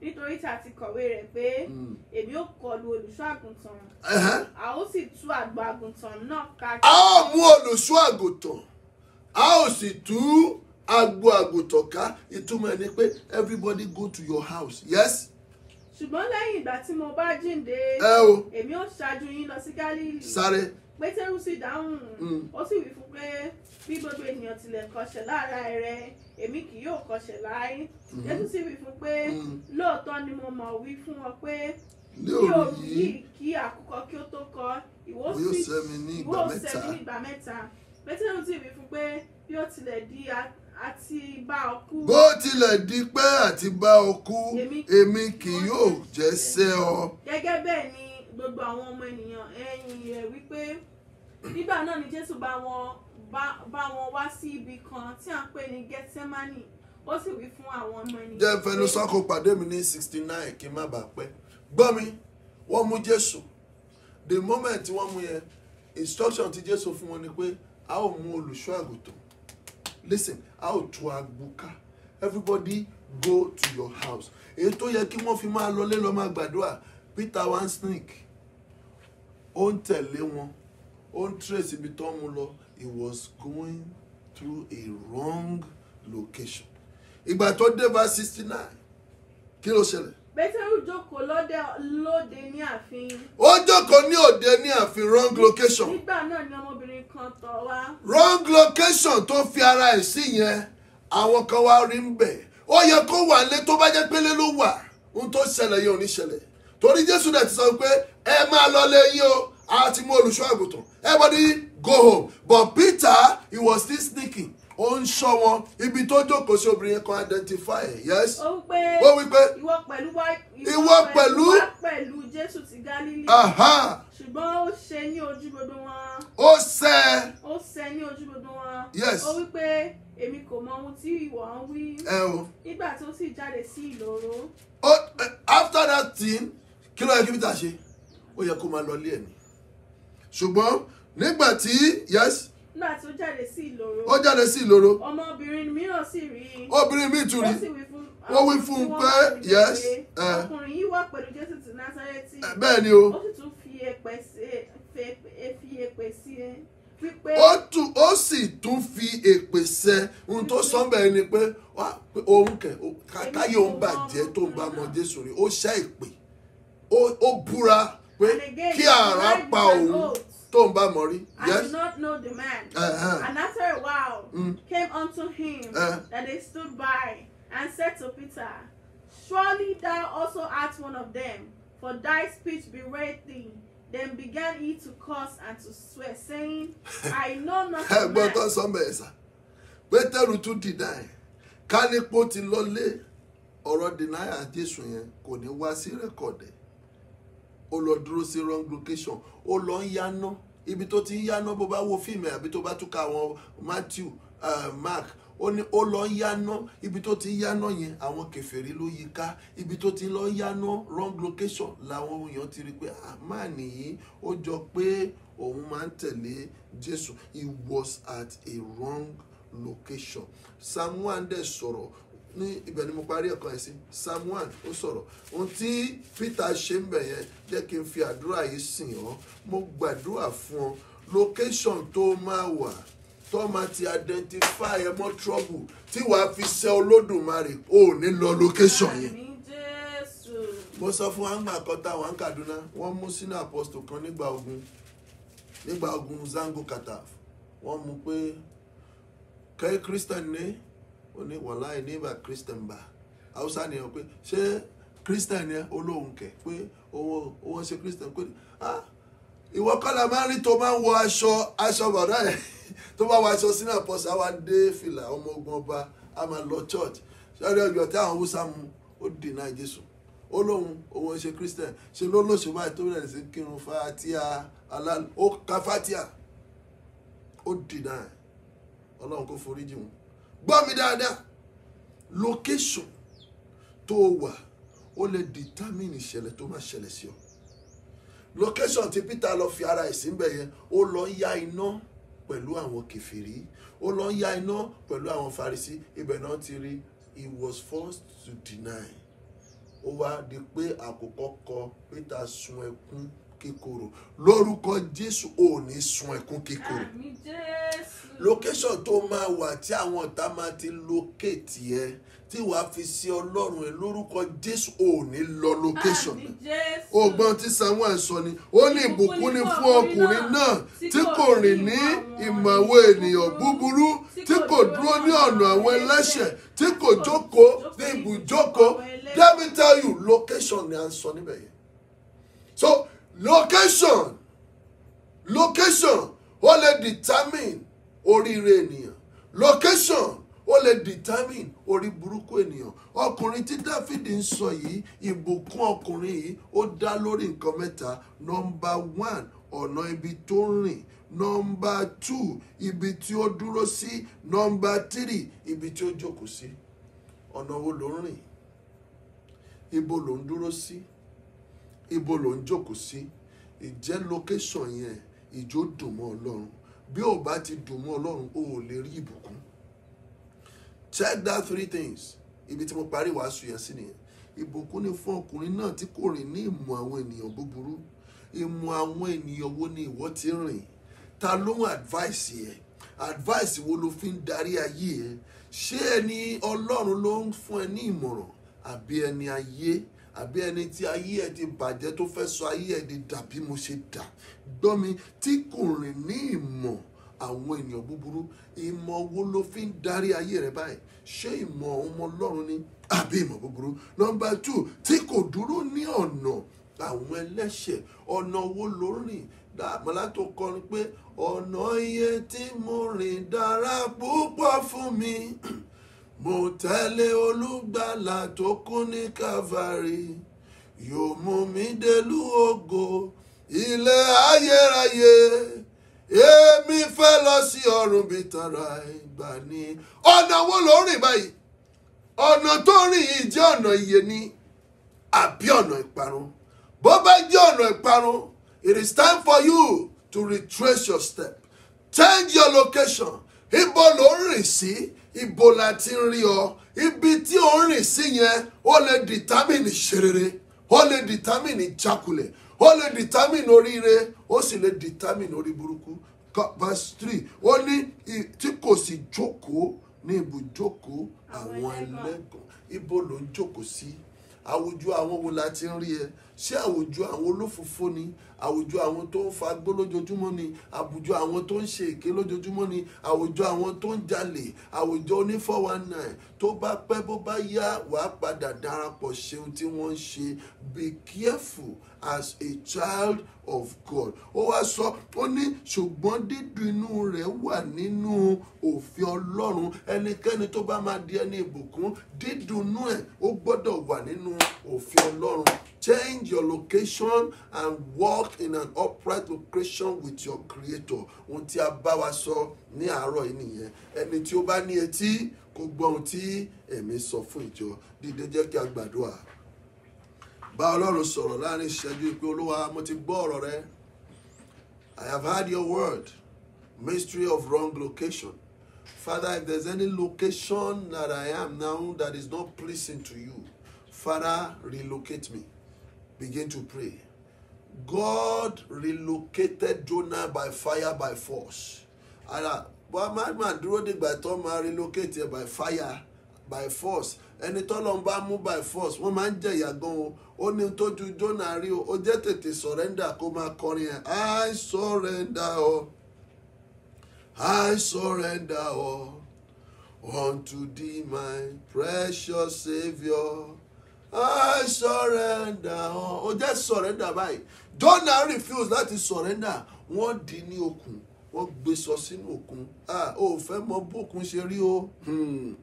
nítorí tí a ti kọ̀wé rẹ̀ pé hmm. èmi ó kọlu olùṣọ́ àgùntàn a ó sì tú àgbò àgùntàn náà ká. a ó mú olùṣọ́ àgùntàn a ó sì tú agbo àgùntàn ká ìtumọ̀ ẹ̀ ni pé everybody go to your house yes. ṣùgbọ́n lẹ́yìn ìgbà tí mo bá jíǹde èmi ó ṣáájú yín lọ sí Gálílì. sáré pétérù sì dáhùn mm. ó sì wí fún pé bí gbogbo ènìyàn tilẹ̀ kọsẹ̀ lára rẹ èmi kì yóò kọsẹ̀ láé mm-hmm. jésù sì wí fún pé mm. lóòótọ́ ni mo mọ̀ wí fún ọ pé kí òru yìí kí àkùkọ kí ó tó kọ ìwọ sẹ́mi ní ìgbà mẹ́ta pétérù sì wí fún pé bí ó tilẹ̀ di àti bá ọ kú. bó tilẹ̀ di pé àti bá ọ kú èmi kì yóò jẹ́sẹ̀ ọ. gẹ́gẹ́ bẹ́ẹ̀ ni gbogbo àwọn ọmọ ènìyàn ẹ̀yìn rẹ̀ wípé nígbà náà ni jésù bá wọn bá wọn wá sí ibi kan tí à ń pè ní gẹ́tẹ́mánì ó sì wí fún àwọn ọmọ ènìyàn. jẹ́ fẹnusọ́ kó pàdé mi ní sixty nine kí n má bàa pẹ́ gbọ́ mi wọ́n mú jésù the moment wọ́n mú yẹn instruction ti jésù fún wọn ni pé a ó mú olùṣọ́ àgùntàn listen a ó tú agbo ká everybody go to your house èyí tó yẹ kí wọ́n fi máa lọlé lọ máa gbàdúrà Peter one snake ó ń tẹ̀lé wọn ó ń trace ibi tó ń mu lọ he was going through a wrong location ìgbà tó dé verse sixty nine kí ló ṣẹlẹ̀ pétérù jókòó lóde lóde ní ààfin. ó jókòó ní òde ní ààfin wrong location. nígbà náà ni ọmọbìnrin kan tọ̀ wá. wrong location tó fi ara ẹ̀ sí yẹn àwọn kan wá rí ń bẹ̀ ó yẹ kó wà lé tó bá jẹ́ pélé ló wà ohun tó ṣẹlẹ̀ yẹn ò ní ṣẹlẹ̀ torí jésù náà ti sọ pé ẹ máa lọ lé yín o a ti mú olùṣọ́ àgùntàn everybody go home but peter he was still sneaking ó ń ṣọ́ wọn ibi tó jókòó sí obìnrin kan identify yes. ó pé ó wí pé ìwọ pẹ̀lú wá ìwọ pẹ̀lú wá pẹ̀lú Jésù ti Gálílì. ṣùgbọ́n ó ṣe ní ojú gbogbo wọn. ó ṣe. ó ṣe ní ojú gbogbo wọn. yes. ó wí pé èmi kò mọ ohun tí ìwọ ń wí. ẹ o. nígbà tó sì jáde sí ìloro. ó after that thing kí ló yẹ kí peter ṣe ó yẹ kó máa lọ ilé ẹ̀ ni ṣùgbọ́n nígbà tí yes nígbà tó jáde sí ìloro. ó jáde sí ìloro. ọmọbìnrin mìíràn sì rí obìnrin mi tún rí i. ó wí fún un pé yes. ọkùnrin yìí wà pẹ̀lú jésù ti násárẹ́tì. bẹ́ẹ̀ ni o. ó sì tún fi èpè sí i ó tún ó sì tún fi èpè sẹ ohun tó sọ bẹ́ẹ̀ ni pé òun kẹ káyé òun bàjẹ́ tó ń bá ọmọ jésù rí ó ṣẹ́ èpè ó búra pé kí àrá pa òun oh tó ń bá mọ rí. I do not know the man. Uh -huh. And after a while mm. came unto him uh -huh. that they stood by and said to Peter, Surely thou also art one of them, for thy speech bewrayed thee. Then began he to curse and to swear, saying, I know not the man. Gbọ́dọ̀ sọ bẹ́ẹ̀ Pétérù tún dìdá ẹ̀, ká ní pọ́ ti lọ lé ọ̀rọ̀ dìnnáyà Jésù yẹn kò ní wá sí rẹ́kọ̀dẹ̀ ó lọ dúró sí wrong location ó lọ ń yáná ibi tó ti ń yáná bó bá wo fíìmù àbí tó bá tún ka àwọn Matthew uh, Mark ó ní ó lọ ń yáná ibi tó ti ń yáná yẹn àwọn kèfèrí ló yí ká ibi tó ti lọ ń yáná wrong location làwọn èèyàn ti rí pé ah, máà nìyí ó jọ pé òun máa ń tẹ̀lé Jésù he was at a wrong location Samuel dẹ̀ sọ̀rọ̀ ní ibẹ̀ ni mo parí ẹ̀kan ẹ̀ sí ó sọ̀rọ̀ ohun tí peter ṣe ń bẹ̀ yẹn jẹ́ kí n fi àdúrà yìí sìn ọ́ mo gbàdúrà fún ọ location tó máa wà tó máa ti identify ẹ mọ́ trouble tí wàá fi ṣe olódùmarè ò ní lọ location yẹn mo sọ fún àgbà kan táwọn ń Kaduna wọ́n mú sínú apostle kan nígbà ogun nígbà ogun Zango Kataf wọ́n mú pé kẹ́ Christian ní oni wala wàláì níbà christian bá haúsá ni ọ pé ṣé christian yẹn olóhùn kẹ pé òun ṣe christian pé ah ìwọ kọ́lá máa ń rí tó máa ń wọ aṣọ aṣọ bàdá ẹ̀ tó bá wọ aṣọ sínú àpọ̀sí àwa dé fìlà ogun ọba a máa lọ church ṣáàrí ọjọ́ tí àwọn haúsá mu ó dènà jésù ó lóun òun ṣe christian ṣe ló lóṣù báyìí tó rẹ̀ sí kírun fatia alá ó ka fatia ó dènà ọlọ́run kò foríjì wọn gbọ́ mi dáadáa location tó o wà ó lè determine ìṣẹ̀lẹ̀ tó máa ṣẹlẹ̀ sí ọ location tí Peter lọ fi ara ẹ̀ síbẹ̀ yẹn ó lọ ya iná pẹ̀lú àwọn kẹfìrí ó lọ ya iná pẹ̀lú àwọn Farisí ibẹ̀ náà ti rí he was forced to deny ó wá di pé àkókò kọ Peter sun ẹkún kíkorò lórúkọ jésù ò ní sun ẹkún kíkorò location tó máa wà tí àwọn ọ̀tá máa ti locate ẹ tí wàá fi sí ọlọ́run ẹ lórúkọ jésù ò ní lọ location náà ọgbọ́n tí samuel sọ ni ó ní ìbùkún ni fún ọkùnrin náà tí kò rìn ní ìmọ̀wé ènìyàn búburú tí kò dúró ní ọ̀nà àwọn ẹlẹ́ṣẹ̀ tí kò jókòó ní ibùjókòó let me tell you location ni à sọ níbẹ̀ yẹn so location location ó lè determine oríire ènìyàn location ó lè determine orí burúkú ènìyàn ọkùnrin tí dáfídì ń sọ yìí ìbùkún ọkùnrin yìí ó dá lórí nǹkan mẹ́ta nọ́mbà one ọ̀nà ibi tó ń rìn nọ́mbà two ibi tí ó dúró sí nọ́mbà three ibi tí ó jókòó sí ọ̀nà wo ló ń rìn ibo ló ń dúró sí. Si ibo ló ń jókòó sí ìjẹ́ location yẹn ìjó dùn mọ́ ọlọ́run bí ò bá ti dùn mọ́ ọlọ́run o ò lè rí ìbùkún check that three things ibi tí mo parí wàásù yẹn sí nìyẹn ìbùkún ni fún ọkùnrin náà tí kò rìn ní ìmọ̀ àwọn ènìyàn búburú ìmọ̀ àwọn ènìyàn wo ni ìwọ ti rìn ta ló ń advice yẹ advice wo ló fi ń darí ayé yẹ ṣé ẹni ọlọ́run ló ń fún ẹ ní ìmọ̀ràn àbí ẹni ayé àbí ẹni tí ayé ẹ ti bàjẹ́ tó fẹ́ sọ ayé ẹ di dà bí mo ṣe dà gbọ́ mi tí kò rìn ní ìmọ̀ àwọn ènìyàn búburú ìmọ̀ wo ló fi ń darí ayé rẹ báyìí ṣé ìmọ̀ ọmọ ọlọ́run ni àbí ìmọ̀ búburú nọmba two tí kò dúró ní ọ̀nà àwọn ẹlẹ́ṣẹ̀ ọ̀nà wo ló rìn mọ̀lá kọrin pé ọ̀nà iye tí mo rìn dára púpọ̀ fún mi mo tẹ̀lé olùgbàlà tó kú ní Calvary yóò mú mi délú ògo ilé ayérayé èmi fẹ́ lọ sí ọ̀run bíi tara ìgbà ni ọ̀nà wo ló rìn báyìí ọ̀nà tó rìn yìí jẹ́ ọ̀nà ìyè ni àbí ọ̀nà ìparun bó bá jẹ́ ọ̀nà ìparun it is time for you to retrace your step change your location ibo ló rìn sí. Si ibo la ti ń rí ọ ibi tí ò ń rìn sí yẹn ó lè dìtámìnì ṣerere ó lè dìtámìnì jákulẹ̀ ó lè dìtámìnì oríire ó sì lè dìtámìnì orí burúkú verse three ó ní tí kò sì jókòó ní ibùjókòó àwọn ẹlẹ́gàn ibo ló ń jókòó sí àwùjọ àwọn wo la ti ń rí ẹ ṣé àwùjọ àwọn olófòfó ni àwùjọ àwọn tó ń fagbó lójoojúmọ́ ni àwùjọ àwọn tó ń ṣe èké lójoojúmọ́ ni àwùjọ àwọn tó ń jalè àwùjọ oní four one nine tó bá pẹ́ bó bá yá wàá padà darapọ̀ ṣe ohun tí wọ́n ń ṣe be careful as a child of God ó wá sọ ó ní ṣùgbọ́n dídùn inú rẹ̀ wà nínú òfin Ọlọ́run ẹnikẹ́ni tó bá máa di ẹni ìbùkún dídùn inú ẹ̀ ó gbọ́dọ̀ wà nínú òfin Ọlọ́run change your location and walk in an upright location with your creator ohun tí a bá wa sọ ní àárọ̀ yìí nìyẹn ẹni tí ó bá ní etí kó gbọ́ ohun tí ẹ̀mí sọ fún ìjọ dídé jẹ́ kí a gbàdúrà bá ọlọ́run sọ̀rọ̀ láàrin ìṣẹ́jú pé olúwa mo ti gbọ́ ọ̀rọ̀ rẹ i have heard your word mystery of wrong location father if there is any location that i am now that is not pleasing to you father relocate me. Begin to pray. God relocated Jonah by fire by force. Ara but my máa dúró dìgbà tó máa relocate by fire by force. Ẹni tọ́lọ́run bá mú by force wọ́n máa ń jẹ̀yà gan o. Ó Jonah rí o. Ó jẹ́ surrender kó máa I surrender o. I surrender Oh, Unto thee my precious Savior. I surrender. Oh, just surrender Don't now refuse That is surrender. Wọ́n dì ní okùn. Wọ́n gbé sọ sínú òkun. O fẹ́ mọ bókun ṣe rí o. Hmm.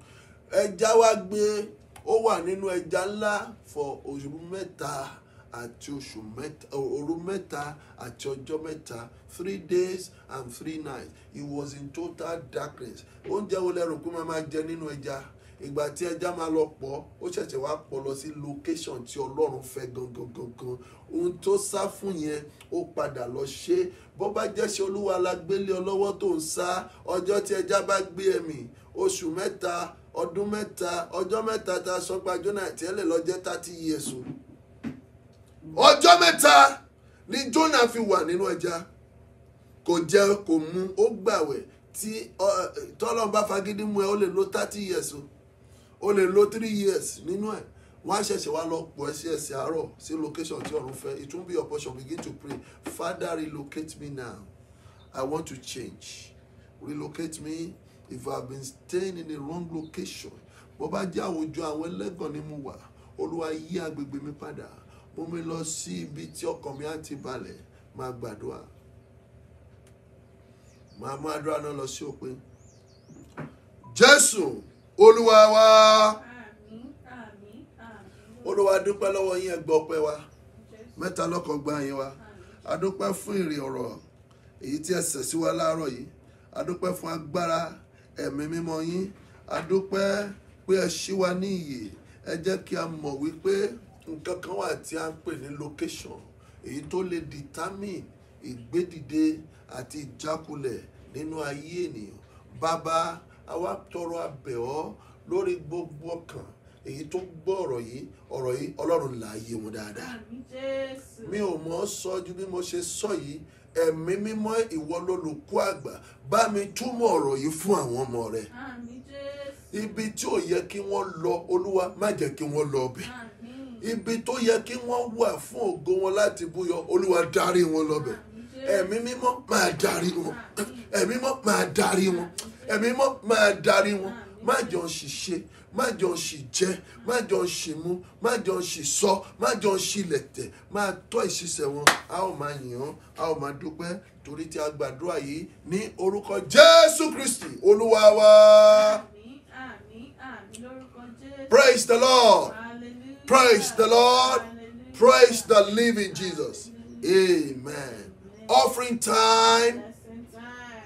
Ẹja wa gbé. Ó wà nínú ẹja ńlá for oṣù mẹ́ta àti oṣù mẹ́ta òru mẹ́ta àti ọjọ́ mẹ́ta three days and three nights he was in total darkness oúnjẹ wo lẹ rò pé máa jẹ nínú ẹja ìgbà tí ẹja máa lọ pọ̀ ó ṣẹ̀ṣẹ̀ wá pọ̀ lọ sí location tí ọlọ́run fẹ́ gangan gangan ohun tó sá fún yẹn ó padà lọ ṣe bó bá jẹ́ṣẹ́ olúwa la gbélé ọlọ́wọ́ tó ń sá ọjọ́ tí ẹja bá gbé ẹ̀mí oṣù mẹ́ta ọdún mẹ́ta ọjọ́ mẹ́ta ta sọ́pá jóná àtẹ́lẹ̀ lọ́jẹ́ thirty years o ọjọ́ mẹ́ta ni jóná fi wà nínú ẹja kò jẹ kò mu ó gbàwẹ̀ tí tọ́lọ́n bá fagídí mú ẹ ó lè lo thirty years o o lè lo three years nínú ẹ̀ wọ́n á ṣẹ̀ṣẹ̀ wá lọ pọ̀ ẹ́ sí àárọ̀ sí location tí ọ̀run fẹ́ it won't be your portion begin to pray father relocate me now i want to change relocate me if i been staying in the wrong location bó bá jẹ́ àwùjọ àwọn ẹlẹ́gàn ni mo wà olúwa yí agbègbè mi padà mú mi lọ sí ibi tí ọkàn mi á ti balẹ̀ máa gbàdúrà máa mú àdúrà náà lọ sí òpin jésù olúwa wa olúwa dúpẹ́ lọ́wọ́ yín ẹ gbọ́ wa mẹ́ta lọ́kàn gba yín wa adúpẹ́ fún ìrìn ọ̀rọ̀ èyí tí ẹ sẹ̀ sí wa láàárọ̀ yìí adúpẹ́ fún agbára ẹ̀mí mímọ́ yín adúpẹ́ pé ẹ ṣí wa ní ìyè ẹ jẹ́ kí a mọ̀ wípé nǹkan kan wà tí a ń pè ní location èyí tó lè determine ìgbédìde àti ìjákulẹ̀ nínú ayé ènìyàn bàbá àwa tọrọ abẹ̀ ọ́ lórí gbogbo ọkàn èyí tó gbọ́ ọ̀rọ̀ yìí ọ̀rọ̀ yìí ọlọ́run là á yé wọn dáadáa mi ò mọ̀ sọ ju bí mo ṣe sọ yìí ẹ̀mí mímọ́ ìwọ lolùkọ́ àgbà bá mi túmọ̀ ọ̀rọ̀ yìí fún àwọn ọmọ rẹ ibi tí ò yẹ kí wọ́n lọ olúwa má jẹ́ kí wọ́n lọ ọbẹ̀ ibi tó yẹ kí wọ́n wà fún ògo wọn láti búyọ olúwa darí wọn lọ́bẹ̀ ẹ̀mí mímọ́ máa darí wọn ẹ̀mí mímọ́ máa darí wọn ẹ̀mí mímọ́ máa darí wọn má jọ ṣìṣe má jọ ṣìjẹ má jọ ṣìmú má jọ ṣìsọ má jọ ṣìlẹ̀tẹ̀ máa tọ́ ìṣiṣẹ́ wọn a ó máa yìn ọ́ a ó máa dúpẹ́ torí tí a gbàdúrà yìí ní orúkọ Jésù Kristi Olúwa wa. Praise the Lord. Praise the Lord. Praise the living Jesus. Amen. offering time.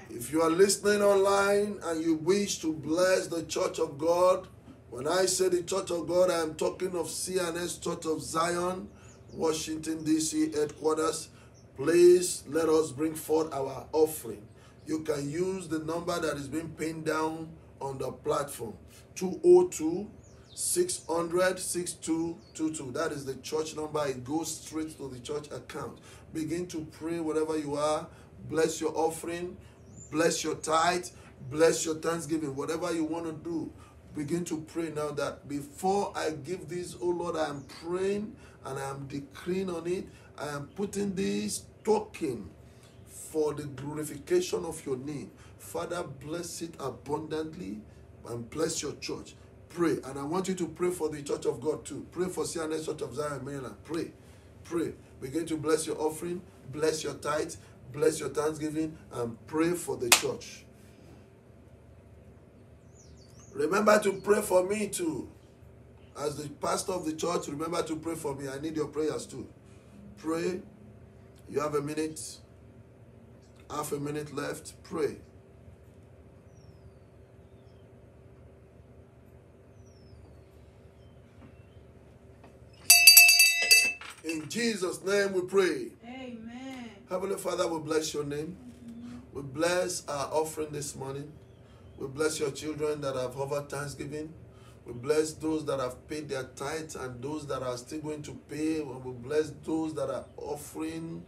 If you are listening online and you wish to bless the church of God, when I say the church of God, I am talking of CNS Church of Zion, Washington, D.C. headquarters. Please let us bring forth our offering. You can use the number that is being pinned down on the platform 202 600 6222. That is the church number. It goes straight to the church account. Begin to pray whatever you are. Bless your offering. Bless your tithe. Bless your thanksgiving. Whatever you want to do, begin to pray now that before I give this, oh Lord, I am praying and I am decreeing on it. I am putting this token for the glorification of your name. Father, bless it abundantly and bless your church. Pray. And I want you to pray for the church of God too. Pray for CNS Church of Zion, Maryland. Pray. Pray. We're going to bless your offering, bless your tithe, bless your thanksgiving, and pray for the church. Remember to pray for me too. As the pastor of the church, remember to pray for me. I need your prayers too. Pray. You have a minute, half a minute left. Pray. In Jesus' name we pray. Amen. Heavenly Father, we bless your name. We bless our offering this morning. We bless your children that have offered thanksgiving. We bless those that have paid their tithe and those that are still going to pay. And we bless those that are offering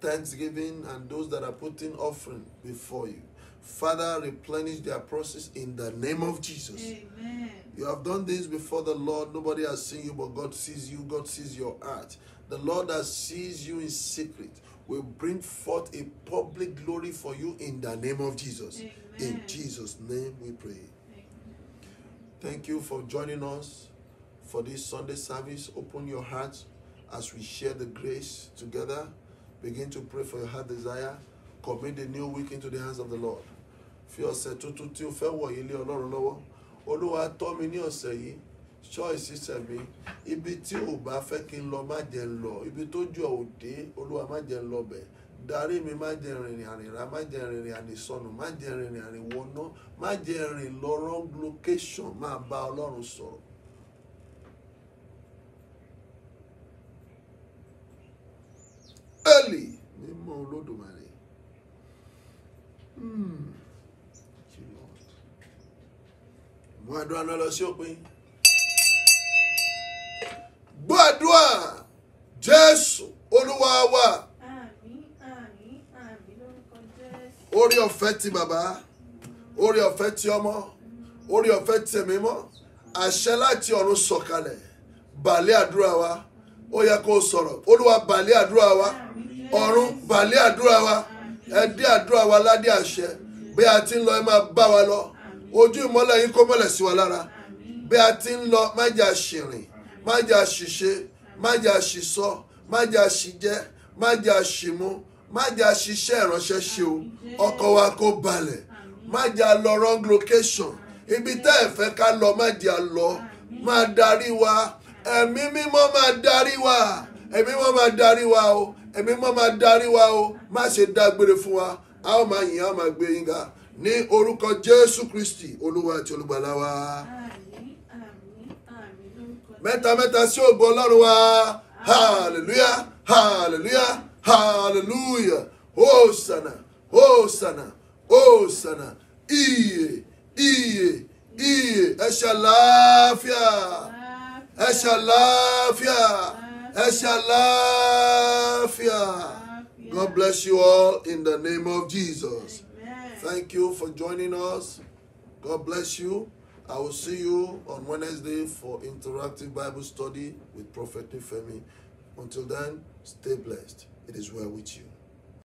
thanksgiving and those that are putting offering before you. Father, replenish their process in the name of Jesus. Amen. You have done this before the Lord. Nobody has seen you, but God sees you. God sees your heart. The Lord that sees you in secret will bring forth a public glory for you in the name of Jesus. Amen. In Jesus' name we pray. Amen. Thank you for joining us for this Sunday service. Open your hearts as we share the grace together. Begin to pray for your heart desire. Commit the new week into the hands of the Lord. fi ọ̀sẹ̀ tuntun tí o fẹ́ wọ̀nyí lé ọlọ́run lọ́wọ́ olúwa tọ́ mi ní ọ̀sẹ̀ yìí ṣọ́ọ̀ṣì ṣiṣẹ́ mi ibi tí ò bá fẹ́ kí n lọ má jẹ́ ń lọ ibi tó jù ò dé olúwa má jẹ́ ń lọ bẹ̀ darí mi má jẹ́ rìnrìn àrìnrà má jẹ́ rìnrìn àrìnsọnù má jẹ́ rìnrìn àrìnwọ́ná má jẹ́ rìn lọ wrong location máa bá ọlọ́run sọ̀rọ̀ gbọ́ àdúrà náà lọ sí òpin gbọ́ àdúrà jésù olúwa wa orí ọ̀fẹ́ ti bàbá orí ọ̀fẹ́ ti ọmọ orí ọ̀fẹ́ ti ẹ̀mí mọ́ àṣẹ láti ọ̀run sọ̀kalẹ̀ bàlẹ́ wa ó yẹ kó o sọ̀rọ̀ olúwa bàlẹ́ wa ọ̀run bàlẹ́ àdúrà wa ẹ dé wa ládé àṣẹ bí a ti ń lọ ẹ máa wa lọ ojú ìmọ́lẹ̀ yín kó mọ́lẹ̀ sí wa lára bí a ti ń lọ má jẹ́ àṣìrìn má jẹ́ àṣìṣe má jẹ́ àṣìsọ má jẹ́ àṣìjẹ má jẹ́ àṣìmú má jẹ́ àṣìṣe ìránṣẹ́ ṣe o ọkọ̀ wa kó balẹ̀ má jẹ́ lọ wrong location ibi tẹ́ ẹ̀ fẹ́ ká lọ má jẹ́ a lọ máa darí wa ẹ̀mí mímọ́ máa darí wa ẹ̀mí mímọ́ máa darí wa o ẹ̀mí mímọ́ máa darí wa o má ṣe dágbére fún wa a ó máa yìn a ó máa gbé yín ga. ní orúkọ jésù kristi olúwa àti olùgbàlà wa mẹ́ta mẹ́ta sí ògbó ọlọ́run wa hallelujah hallelujah hallelujah hosanna hosanna hosanna iye iye iye ẹ ṣe àlàáfíà ẹ ṣe àlàáfíà God bless you all in the name of Jesus. Thank you for joining us. God bless you. I will see you on Wednesday for interactive Bible study with Prophet Nifemi. Until then, stay blessed. It is well with you.